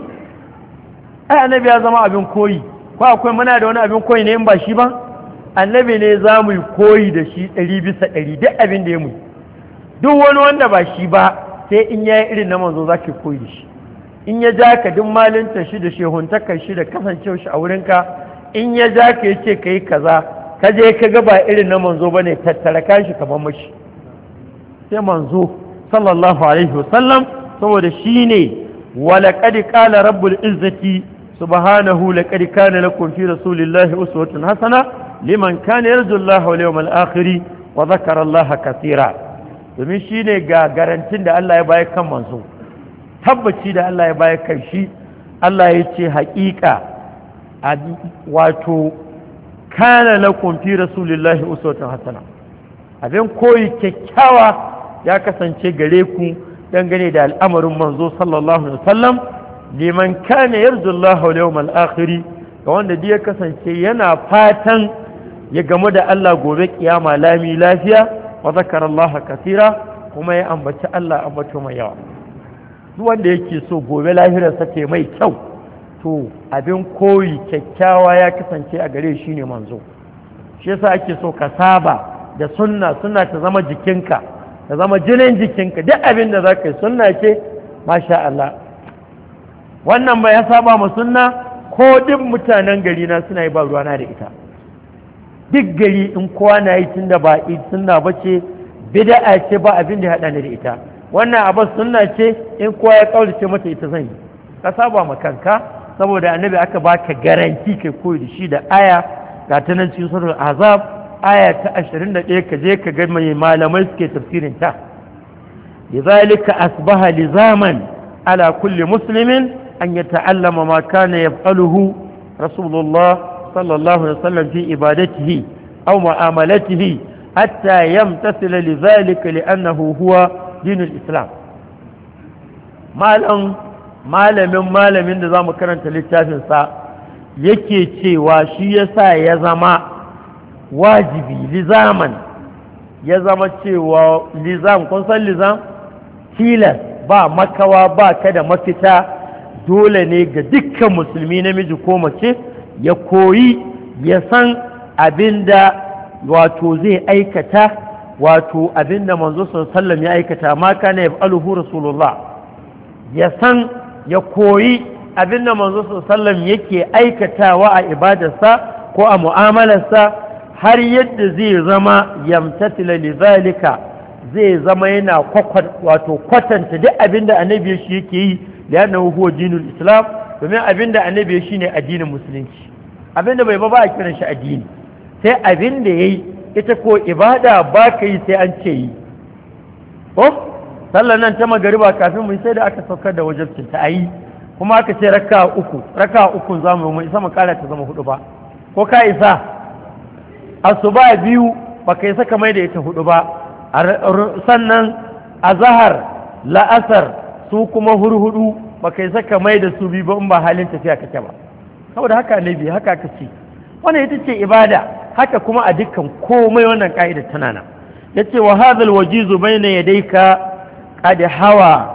ai annabi ya zama abin koyi ko akwai muna da wani abin koyi ne in ba shi ba annabi ne za mu yi koyi da shi ɗari bisa ɗari duk abin da ya mu duk wani wanda ba shi ba sai in ya yi irin na manzo za ki koyi da shi in ya ja ka duk malinta shi da shehuntakar shi da kasancewar shi a wurinka in ya ja ka ya ce ka yi kaza ka je ka ga ba irin na manzo ba ne tattara ka shi kamar mashi sai manzo sallallahu alaihi wasallam saboda shi ne laqad qala rabbul izzati subhanahu laqad kana lakum fi rasulillahi uswatun hasana liman kana yarju Allah wal yawmal akhir wa dhakara allaha katira domin shine ga garantin da Allah ya bayar kan manzo tabbaci da Allah ya bayar karshi Allah ya ce haƙiƙa wato kana na kumfi rasulillahi uswatun hasana abin koyi kyakkyawa ya kasance gare ku dangane da al'amarin manzo sallallahu alaihi wasallam liman kana yarju Allah wal yawmal ga wanda ya kasance yana fatan ya gamu da Allah gobe kiyama lami lafiya wa zakara Allah kuma ya ambaci Allah ambato mai yawa duk wanda yake so gobe sa ke mai kyau to abin koyi kyakkyawa ya kasance a gare shi ne manzo shi yasa ake so ka saba da sunna sunna ta zama jikinka ta zama jinin jikinka duk abin da za yi sunna ce masha Allah wannan ba ya saba ma sunna ko duk mutanen gari na suna yi ba ruwana da ita duk gari in kowa na yi tunda ba sunna ba ce bid'a ce ba abin da ya haɗa da ita wannan abin sunna ce in kowa ya kaurace mata ita zan yi ka saba ma kanka saboda annabi aka baka garanci ka koyi da shi da aya ga ta nan cikin surul azab aya ta ashirin 21 ka je ka ga mai malamai suke tafsirin ta lidhalika asbaha lizaman ala kulli muslimin an yata'allama ma kana yaf'aluhu rasulullah sallallahu alaihi wasallam fi ibadatihi aw mu'amalatihi hatta yamtasila lidhalika li'annahu huwa dinin islam malam malamin malamin da za mu karanta littafinsa yake cewa shi ya sa ya zama wajibi lizaman ya zama cewa lizam kun san lizam tilas ba makawa ba ka da mafita dole ne ga dukkan musulmi namiji ko mace ya koyi ya san abinda wato zai aikata wato abin da manzo sallam ya aikata ma kana yaf'aluhu rasulullah ya san ya koyi abin da manzo sallam yake aikatawa a ibadarsa ko a mu'amalarsa har yadda zai zama yamtatila li zalika zai zama yana wato kwatanta duk da annabi shi yake yi da yana huwa dinul islam domin da annabi shi ne addinin musulunci abin da bai ba ba a kiran shi addini sai abin abinda yayi ita ko ibada ba ka yi sai an ce yi ko sallar nan ta magariba kafin mu sai da aka saukar da wajabcin ta ayi kuma aka ce raka uku raka uku za mu isa mu kala ta zama hudu ba ko ka isa asuba biyu ba ka isa kamar da ita hudu ba sannan azahar la'asar su kuma hurhudu ba ka isa kamar da su biyu ba in ba halin tafiya kake ba saboda haka ne biyu haka ka ce wannan ita ce ibada haka kuma a dukkan komai wannan ƙa'idar tana nan yace wa hadhal wajizu ya yadayka qad hawa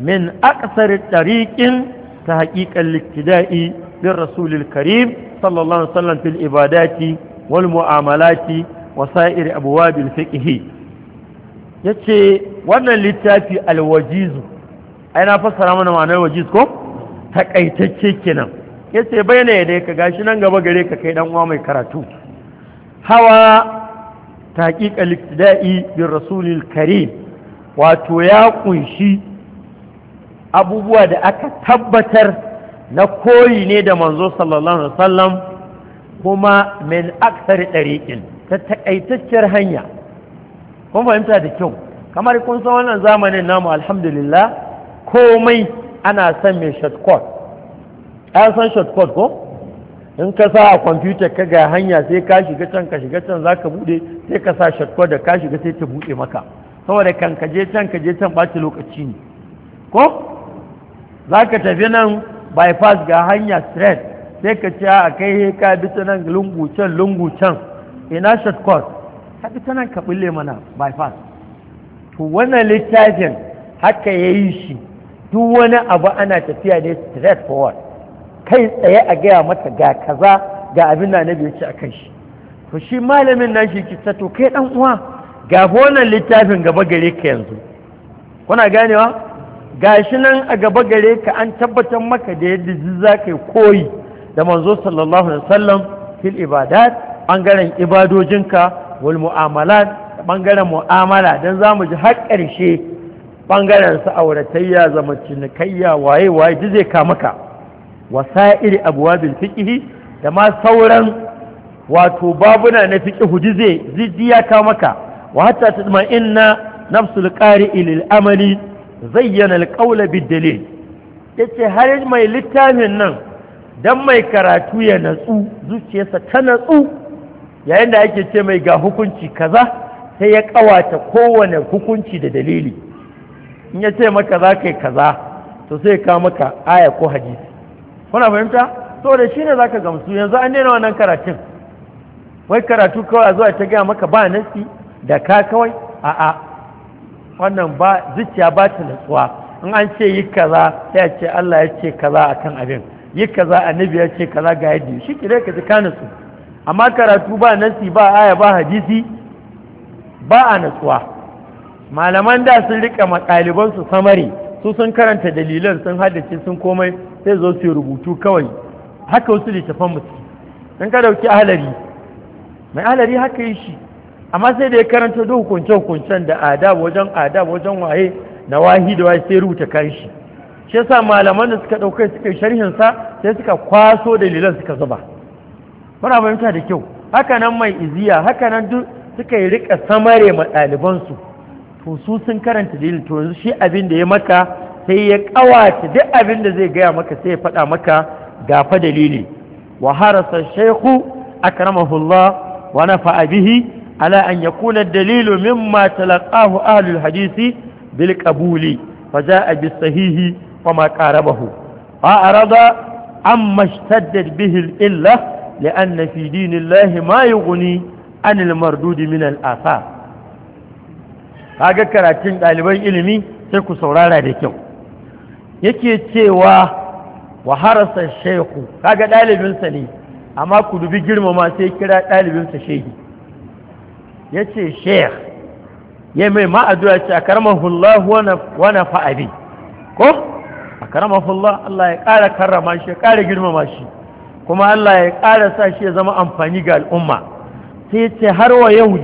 min aqsar tariqin ta haqiqan liktida'i bir rasulil karim sallallahu alaihi wasallam fil ibadati wal mu'amalati wa sa'ir abwabil fiqh yace wannan littafi al wajizu ai na fassara mana ma'anar wajiz ko takaitacce kenan ya ce bai na yadda ka gashi nan gaba gare ka kai uwa mai karatu hawa taƙiƙa liktida'i bin rasulun karim wato ya ƙunshi abubuwa da aka tabbatar na koyi ne da manzo sallallahu alaihi wasallam kuma min aksar ɗariƙin ta taƙaitacciyar hanya kun fahimta da kyau kamar kun san wannan zamanin namu alhamdulillah komai ana son mai shortcut an san shortcut ko in ka sa a kwamfuta ka ga hanya sai ka shiga can ka shiga can za ka buɗe sai ka sa shortcut da ka shiga sai ta buɗe maka saboda kan ka je can ka je can ɓaci lokaci ne ko za ka tafi nan bypass ga hanya straight sai ka ce a kai ka bi ta nan lungu can lungu can ina shortcut ka bi ta nan ka bulle mana bypass to wannan littafin haka ya yi shi duk wani abu ana tafiya ne straight forward kai tsaye a gaya mata ga kaza ga abin da na ya ce a kan shi to shi malamin na shi ki to kai dan uwa ga wannan littafin gaba gare ka yanzu kuna ganewa shi nan a gaba gare ka an tabbatar maka da yadda zai za ka yi koyi da manzo sallallahu alaihi wasallam fil ibadat bangaren ibadojinka wal mu'amalat bangaren mu'amala dan zamu ji har karshe bangaren su auratayya zama cinikayya waye waye duk zai ka maka wa sa'iri abwabil fiqh da ma sauran wato babuna na zai dize zidiya ka maka wa hatta tadma inna nafsul qari'i lil amali zayyana al qawla bid dalil yace har mai littafin nan dan mai karatu ya natsu zuciyarsa ta natsu yayin da ake ce mai ga hukunci kaza sai ya kawata kowane hukunci da dalili in ya ce maka za ka yi kaza to sai ka maka aya ko hadisi kuna fahimta saboda shi ne za ka gamsu yanzu an nena wannan karatun wai karatu kawai a zuwa ta gaya maka ba nasi da ka kawai a'a wannan ba zuciya ba ta natsuwa in an ce yi kaza sai a ce Allah ya ce kaza a kan abin yi kaza annabi ya ce kaza ga yadda shi ki ka ji ka su. amma karatu ba nasi ba aya ba hadisi ba a natsuwa malaman da sun rika makaliban su samari su sun karanta dalilan sun haddace sun komai sai zo su rubutu kawai haka wasu littafan musu in ka dauki ahalari mai ahalari haka yi shi amma sai da ya karanta duk hukunce hukuncen da adab wajen adab wajen waye na wahi da waye sai rubuta kan shi shi yasa malaman da suka daukai suka yi sharhin sa sai suka kwaso dalilan suka zuba muna fahimta da kyau haka nan mai iziya haka nan duk suka yi rika samare ma su to su sun karanta dalil to yanzu shi abin da ya maka sai ya ƙawata duk abin da zai gaya maka sai ya faɗa maka ga fa dalili wa harasa shaykhu akramahullah wa nafa'a bihi ala an yakuna ad-dalilu mimma talaqahu ahlul hadisi bil qabuli fa jaa bis sahihi wa ma qarabahu fa arada amma ishtaddat bihi al-illa لأن في دين الله ما يغني عن المردود من الآثار kaga karatun ɗaliban ilimi sai ku saurara da kyau yake cewa wa harasa shehu kaga ɗalibinsa ne amma ku dubi girmama sai kira ɗalibinsa shehi ya ce sheikh ya mai ma'adura ce a karamahullah wani fa'abi ko a karamahullah Allah ya ƙara karrama shi ya ƙara girmama shi kuma Allah ya ƙara sa shi ya zama amfani ga al'umma sai ce har wa yau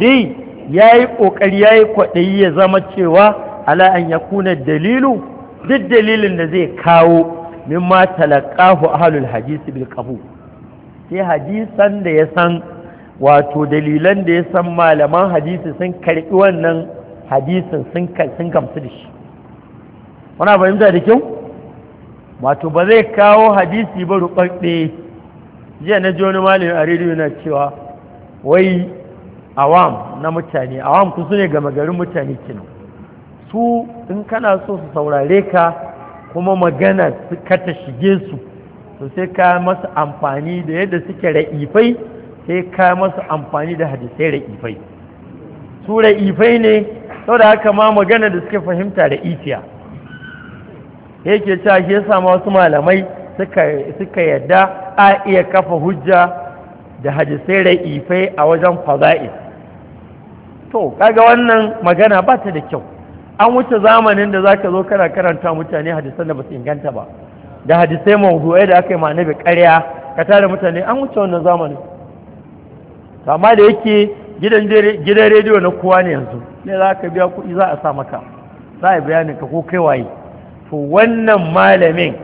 ya yi ƙoƙari ya yi kwaɗayi ya zama cewa ala an ya kuna dalilu duk dalilin da zai kawo min mimma talakahu ahalul hadisi bil kabu sai hadisan da ya san wato dalilan da ya san malaman hadisi sun karɓi wannan hadisin sun gamsu da shi wana fahimta da kyau wato ba zai kawo hadisi ba ruɓaɓɓe jiya na ji wani malami a rediyo na cewa wai awam na mutane awam ku ne gama garin mutane kinu su in kana so su saurare ka kuma magana ka ta shige su to sai ka masu amfani da yadda suke ra'ifai sai ka masu amfani da hadisai ra'ifai su ra'ifai ne saboda haka ma magana da suke fahimta da ifiya yake cewa shi yasa wasu malamai suka yadda a iya kafa hujja da hadisai ra'ifai a wajen fada'i to kaga wannan magana ba ta da kyau an wuce zamanin da zaka zo kana karanta mutane hadisan da ba su inganta ba da hadisai mawdu'ai da aka yi ma annabi ƙarya ka tare mutane an wuce wannan zamanin amma da yake gidan rediyo na kowa ne yanzu ne za ka biya kuɗi za a sa maka za a bayanin ka ko kai waye to wannan malamin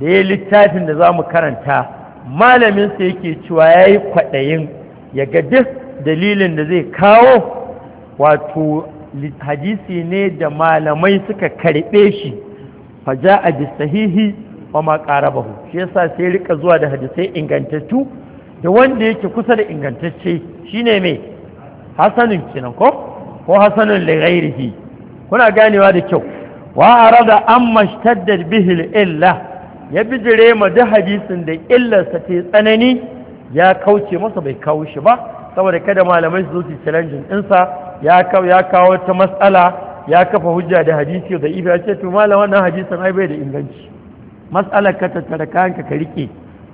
da ya littafin da za mu karanta malamin sa yake cewa ya yi kwaɗayin ya ga duk dalilin da zai kawo wato hadisi ne da malamai suka karɓe shi faja a sahihi wa ma bahu. shi yasa sai rika zuwa da hadisai ingantattu da wanda yake kusa da ingantacce shine mai hasanin kinan ko ko hasanin lagairihi kuna ganewa da kyau wa arada an mashtaddar bihil illa ya bijire ma da hadisin da illarsa ta tsanani ya kauce masa bai kawo shi ba saboda kada malamai su zuci challenging ɗinsa ya kawo ta mas'ala, ya kafa hujja da hadisi da ibi ce to malama wannan hadisin ai bai da inganci matsalar ka tattara kayan ka rike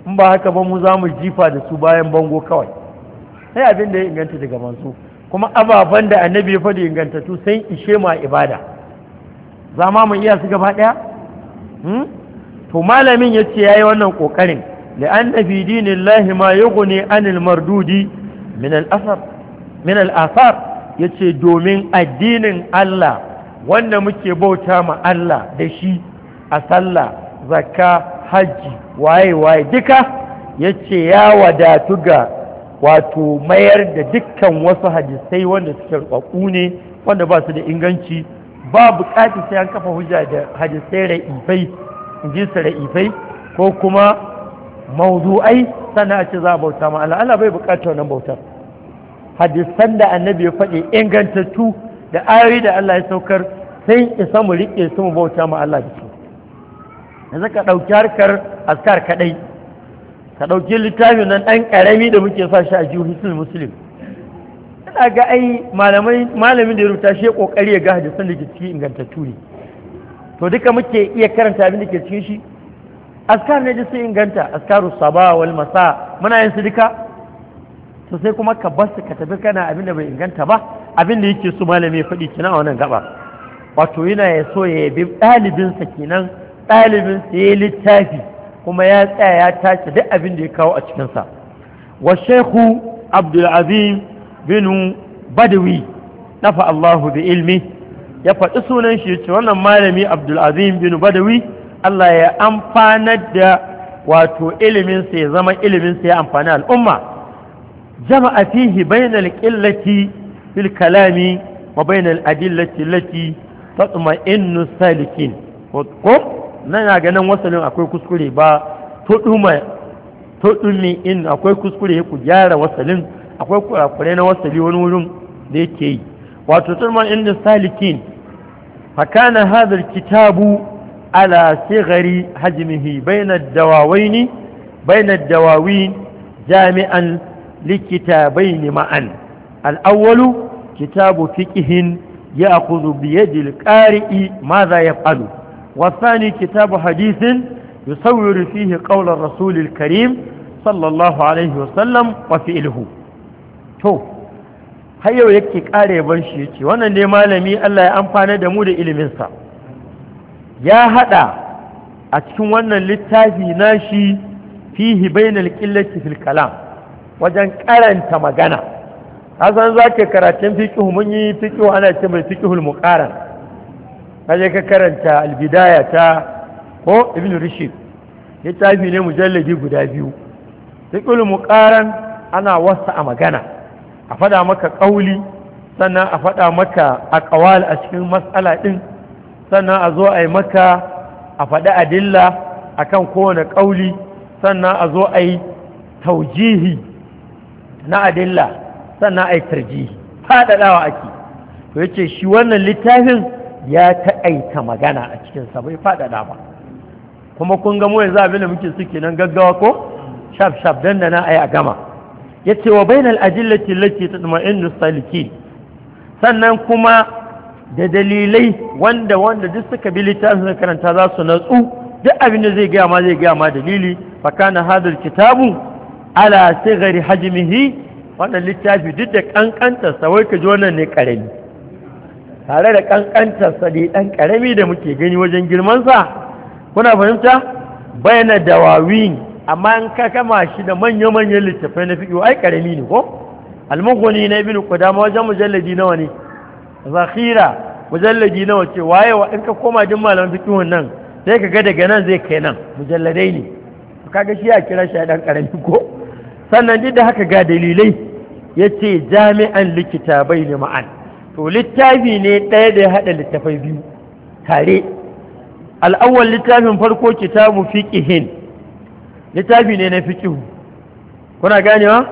in ba haka ba mu za mu jifa da su bayan bango kawai sai abin da ya inganta daga manzo kuma ababan da annabi ya faɗi ingantattu sai ishe ma ibada za ma mu iya su gaba ɗaya hmm? to malamin ya ce ya yi wannan ƙoƙarin da an fi ma yughni ne anil mardudi minal al'afar ya ce domin addinin Allah wanda muke bauta ma Allah da shi a sallah zakka hajji waye-waye duka ya ce ya wadatu ga wato mayar da dukkan wasu hadisai wanda suke rubaku ne wanda ba su da inganci ba buƙatar sai an kafa hujja da hadisai ra'ifai in ji su ra'ifai ko kuma mawdu'ai sannan a ce za a bauta ma Allah Allah bai bukatar wannan bautar hadisan da annabi ya faɗi ingantattu da ayoyi da Allah ya saukar sai isa mu riƙe su mu bauta ma Allah da su yanzu ka ɗauki harkar askar kaɗai ka ɗauki littafin nan ɗan ƙarami da muke sa shi a jihohin musulun ina ga ai malamin da ya rubuta shi ƙoƙari ya ga hadisan da ke cikin ingantattu ne to duka muke iya karanta abin da ke cikin shi askar ne ji sun inganta askaru saba wal masa muna yin su duka to sai kuma ka bar ka tafi kana abin da bai inganta ba abin da yake su malami ya faɗi kina a wannan gaba wato yana ya so ya yabi ɗalibinsa kenan ɗalibinsa ya yi littafi kuma ya tsaya ya tace duk abin da ya kawo a cikinsa wa shehu abdulazim bin badawi nafa allahu bi ilmi ya faɗi sunan shi ce wannan malami abdulazim bin badawi Allah ya amfanar da wato iliminsa ya zama iliminsa ya amfani al'umma jama'a fihi bainal qillati fil kalami wa bainal adillati allati innu salikin ko na ganin wasalin akwai kuskure ba tuduma tudumi in akwai kuskure ku gyara wasalin akwai kurakure na wasali wani wurin da yake yi wato tutuma innu salikin fakana hadar kitabu ala sigari hajimihi bainar dawawaini bainar dawawin jami'an likitabaini ma'an al'awwalu kitabu fiqihin ya'khudhu bi yadi al-qari'i madha yaf'alu wa thani kitabu hadisin yusawwiru fihi qawla ar-rasul karim sallallahu alaihi wa sallam wa to har yau yake ƙare ban shi ce wannan ne malami Allah ya amfana da mu da iliminsa. ya hada a cikin wannan littafi nashi fihi bainal qillati fil kalam wajen karanta magana hasan zaka karatun fiqh mun yi fiqh ana ce mai fiqhul muqaran kaje ka karanta bidaya ta ko ibn rishid littafi ne mujalladi guda biyu fiqhul muqaran ana wasa a magana a fada maka kauli sannan a fada maka aqwal a cikin mas'ala din sannan a zo a yi maka a faɗi adilla kan kowane ƙauli sannan a zo a yi taujihi na adilla sannan a yi tarjihi faɗaɗawa ake to ce shi wannan littafin ya taƙaita magana a cikinsa bai faɗaɗa ba kuma kun ga ya zaɓi da muke suke nan gaggawa ko shaf shaf don da na a yi a gama Ya ce wa bainal ajillati allati tatma'innu salikin sannan kuma da dalilai wanda wanda duk suka bi littafin karanta za su natsu duk abin da zai gaya ma zai gaya ma dalili fakana hadal kitabu ala sigari hajmihi wannan littafi duk da kankanta sa wai ka ji wannan ne karami tare da kankanta sa dai dan karami da muke gani wajen girman sa kuna fahimta bayana dawawin amma in ka kama shi da manya-manyan littafai na fiƙo ai karami ne ko almughni na ibnu qudama wajen mujalladi nawa ne zakhira mujalladi nawa ce waye wa in ka koma din malaman fiqhun nan sai ka ga daga nan zai kai nan mujalladai ne kaga shi ya kira shi dan karami ko sannan duk da haka ga dalilai yace jami'an likitabai ne ma'an to littafi ne ɗaya da ya haɗa littafai biyu tare al'awwal littafin farko kitabu fiqihin littafi ne na fiqihu kuna ganewa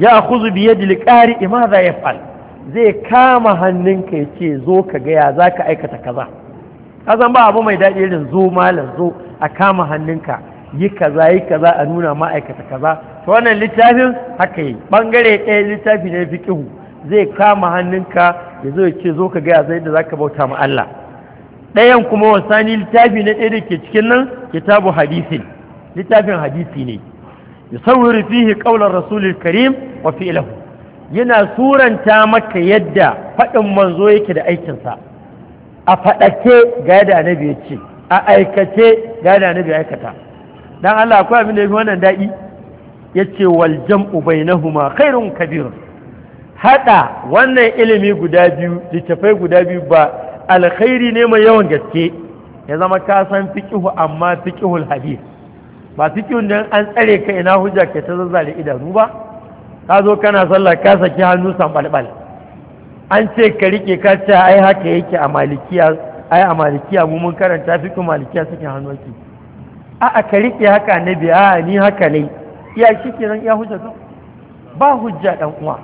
ya khuzu bi yadi liqari ma za yaf'al zai kama hannunka ya ce zo ka gaya za ka aikata kaza kazan ba abu mai daɗi irin zo malam zo a kama hannunka yi kaza yi kaza a nuna ma'aikata kaza to wannan littafin haka yi ɓangare ɗaya littafi fi ƙihu zai kama hannunka ya zo ya ce zo ka gaya zai da za ka bauta ma Allah ɗayan kuma wa Sani littafi na ɗaya da ke cikin nan kitabu hadisi littafin hadisi ne yusawwiru fihi qawlan rasulil karim wa fi'lahu yana suranta maka yadda faɗin manzo yake da aikinsa a faɗake ga yadda annabi ya ce a aikace ga yadda annabi ya aikata dan Allah akwai abin da fi wannan daɗi ya ce wal jam'u bainahuma khairun kabir haɗa wannan ilimi guda biyu littafai guda biyu ba alkhairi ne mai yawan gaske ya zama ka san amma fikihun hadith ba fiqihun dan an tsare ka ina hujja ke ta zazzare idanu ba ka zo kana sallah ka saki hannu balbal an ce ka rike ka ce ai haka yake a malikiya ai a malikiya mu mun karanta fiqh malikiya sakin hannu ki a a ka rike haka annabi a ni haka ne iya shikenan iya hujja ka ba hujja dan uwa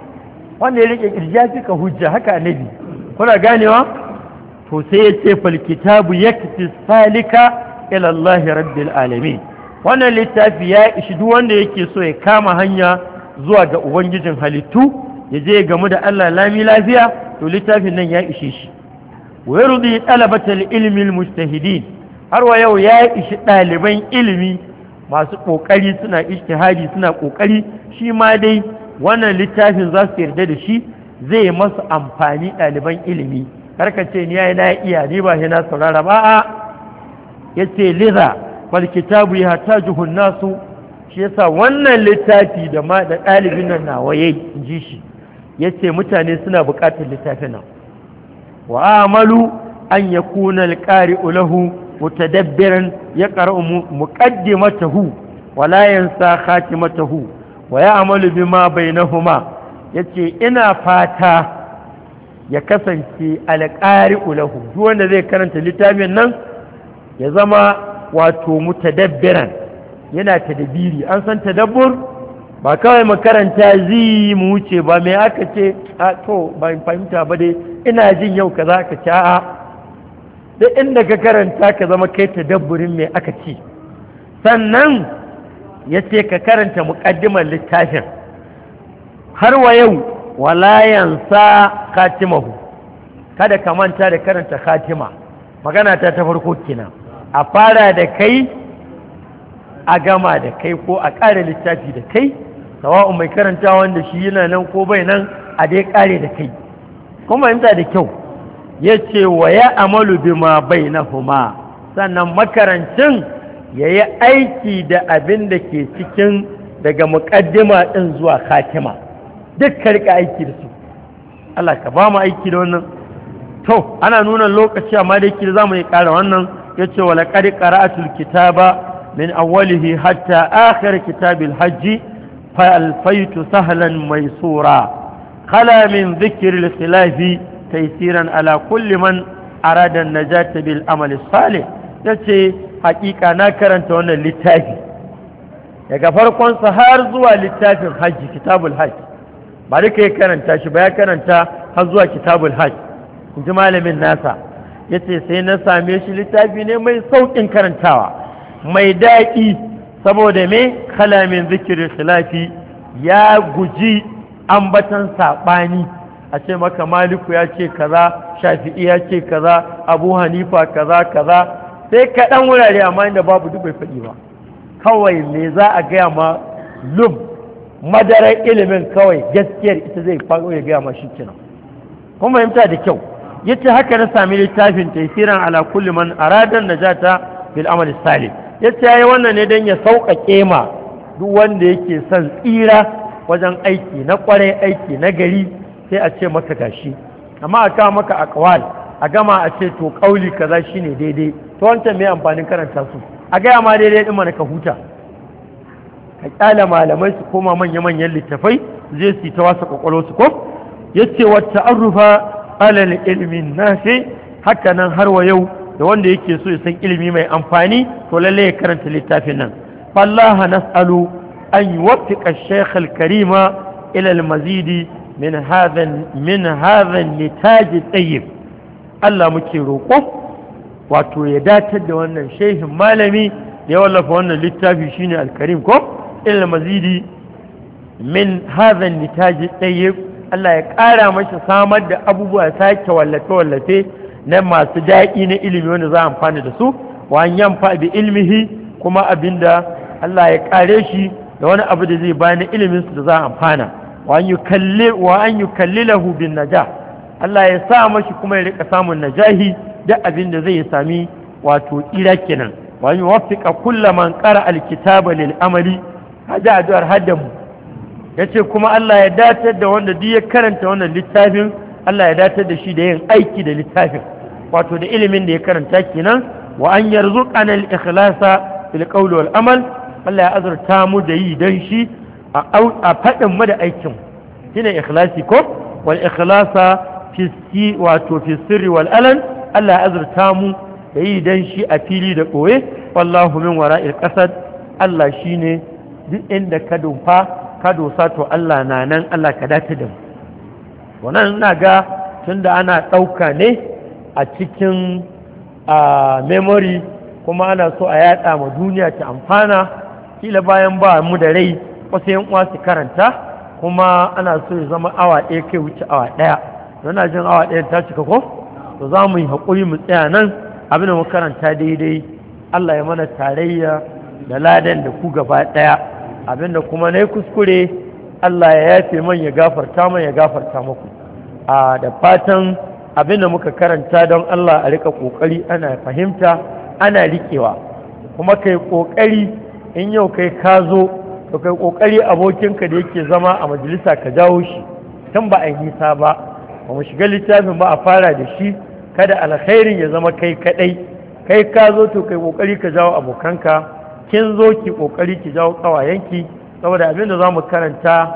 wanda ya rike kirja ka hujja haka annabi kuna ganewa to sai ya ce fal kitabu yakti salika ila Allah rabbil alamin wannan littafi ya ishi duk wanda yake so ya kama hanya zuwa ga ubangijin halittu ya je gamu da Allah lami lafiya to littafin nan ya ishe shi wa yardi talabatal ilmi almustahidin har wa yau ya ishi ɗaliban ilimi masu ƙoƙari suna ijtihadi suna ƙoƙari shi ma dai wannan littafin za su yarda da shi zai masu amfani ɗaliban ilimi karka ce ni yayi na iya ni ba shi na saurara ba a yace liza bal kitabu juhun nasu shi yasa wannan littafi da ma da ɗalibin nan nawa yayi ji shi yace mutane suna buƙatar littafin nan wa amalu an yakuna alqari'u lahu mutadabbiran yaqra'u muqaddimatahu wa la yansa khatimatahu wa ya'malu bima bainahuma yace ina fata ya kasance alqari'u lahu duk wanda zai karanta littafin nan ya zama wato mutadabbiran yana tadabiri an san tadabbur ba kawai makaranta zi mu wuce ba mai aka ce a to ba fahimta ba dai ina jin yau kaza ka ci a da inda ka karanta ka zama kai tadabburin mai aka ci sannan ya ce ka karanta muƙaddimar littafin har wa yau sa khatimahu kada ka manta da karanta katima magana ta ta farko kenan a fara da kai a gama da kai ko a ƙare littafi da kai sawa'un mai karanta wanda shi yana nan ko bai nan a dai ƙare da kai kuma fahimta da kyau ya ce wa ya amalu ma bai na huma sannan makarancin ya yi aiki da abin da ke cikin daga muƙaddima ɗin zuwa katima duk karka aiki da su Allah ka ba mu aiki da wannan to ana nuna lokaci amma da yake da mu yi ƙara wannan Ya yace ƙara a qara'atul kitaba min awwalihi hatta akhir kitab hajji hajj fa alfaitu sahlan mai sura, min zikirin al taisiran taysiran ala kulli man arada an-najata bil amal yace hakika na karanta wannan littafi daga farkonsa har zuwa littafin hajji kitabul hajj ba duka ya karanta shi ba ya karanta har zuwa kitabul hajj ji malamin nasa yace sai na same shi littafi ne mai saukin karantawa mai daɗi saboda me kalamin zikirin khilafi ya guji ambatan saɓani a ce maka maliku ya ce kaza shafi'i ya ce kaza abu hanifa kaza kaza sai kaɗan wurare amma inda babu duk bai faɗi ba kawai me za a gaya ma lum madarar ilimin kawai gaskiyar ita zai faɗo ya gaya ma shi kenan kuma fahimta da kyau yace haka na sami littafin tafsiran ala kulli man aradan najata bil amali salih ya ce ya yi wannan ne don ya sauƙaƙe ma duk wanda yake son tsira wajen aiki na ƙwarai aiki na gari sai a ce maka gashi amma a kawo maka a ƙawal a gama a ce to ƙauli kaza ne daidai to wancan mai amfanin karanta su a gaya ma daidai ɗin mana ka huta ka ƙyale malamai su koma manya-manyan littafai zai su ta wasa ƙwaƙwalo su ko ya ce wata an rufa alal ilmin nafi haka nan har wa yau da wanda yake so ya san ilimi mai amfani to lallai ya karanta littafin nan fallaha nas'alu an yuwaffiqa ash-shaykh al-karima ila al min hadha min hadha an-nitaj tayyib Allah roƙo wato ya datar da wannan shehin malami da ya wallafa wannan littafi shine al-karim ko ila al-mazid min hadha an-nitaj tayyib Allah ya ƙara masa samar da abubuwa sake wallafe-wallafe na masu daɗi na ilimi wanda za a amfani da su wa an yamfa ilmihi kuma abin da Allah ya kare shi da wani abu da zai bayan ilimin su da za a amfana wa an yukalli wa an yukallilahu bin najah Allah ya sa mashi kuma ya rika samun najahi da abin da zai sami wato ira kenan wa an yuwaffiqa kullu man qara alkitaba lil amali hada addu'ar haddamu yace kuma Allah ya datar da wanda duk ya karanta wannan littafin Allah ya datar da shi da yin aiki da littafin wato da ilimin da ya karanta kenan wa an yarzuqana al-ikhlasa fil qawli wal amal Allah ya azurta mu da yi dan shi a faɗin mu da aikin shine ikhlasi ko wal ikhlasa fi wato fi sirri wal alan Allah ya azurta mu da yi dan shi a fili da ɓoye wallahu min wara'il qasad Allah shine duk inda ka dofa ka dosa to Allah na nan Allah ka datar da mu wannan ina ga tunda ana ɗauka ne a cikin memory kuma ana so a yada ma duniya ta amfana kila bayan ba mu da rai wasu yan su karanta kuma ana so ya zama awa ɗaya kai wuce awa ɗaya ina jin awa ɗaya ta cika ko to za mu yi haƙuri mu tsaya nan abin da mu karanta daidai Allah ya mana tarayya da ladan da ku gaba ɗaya abin da kuma na kuskure Allah ya yafe man ya gafarta man ya gafarta muku a da fatan abin da muka karanta don Allah a rika kokari ana fahimta ana rikewa kuma kai kokari in yau kai ka zo to kai kokari abokinka da yake zama a majalisa ka jawo shi tun ba a yi nisa ba ba mu shiga littafin ba a fara da shi kada alkhairin ya zama kai kadai kai ka zo to kai kokari ka jawo abokanka kin zo ki kokari ki jawo kawayenki saboda abin da za mu karanta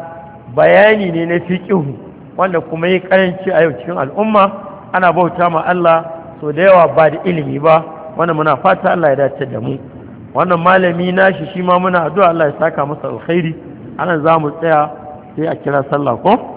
bayani ne na fiƙihu wanda kuma yi karanci a yau cikin al'umma ana bauta ma Allah so da yawa ba da ilimi ba wanda muna fata Allah ya dace da mu wannan malami nashi shi ma muna addu'a Allah ya saka masa alkhairi anan za mu tsaya sai a kira sallah ko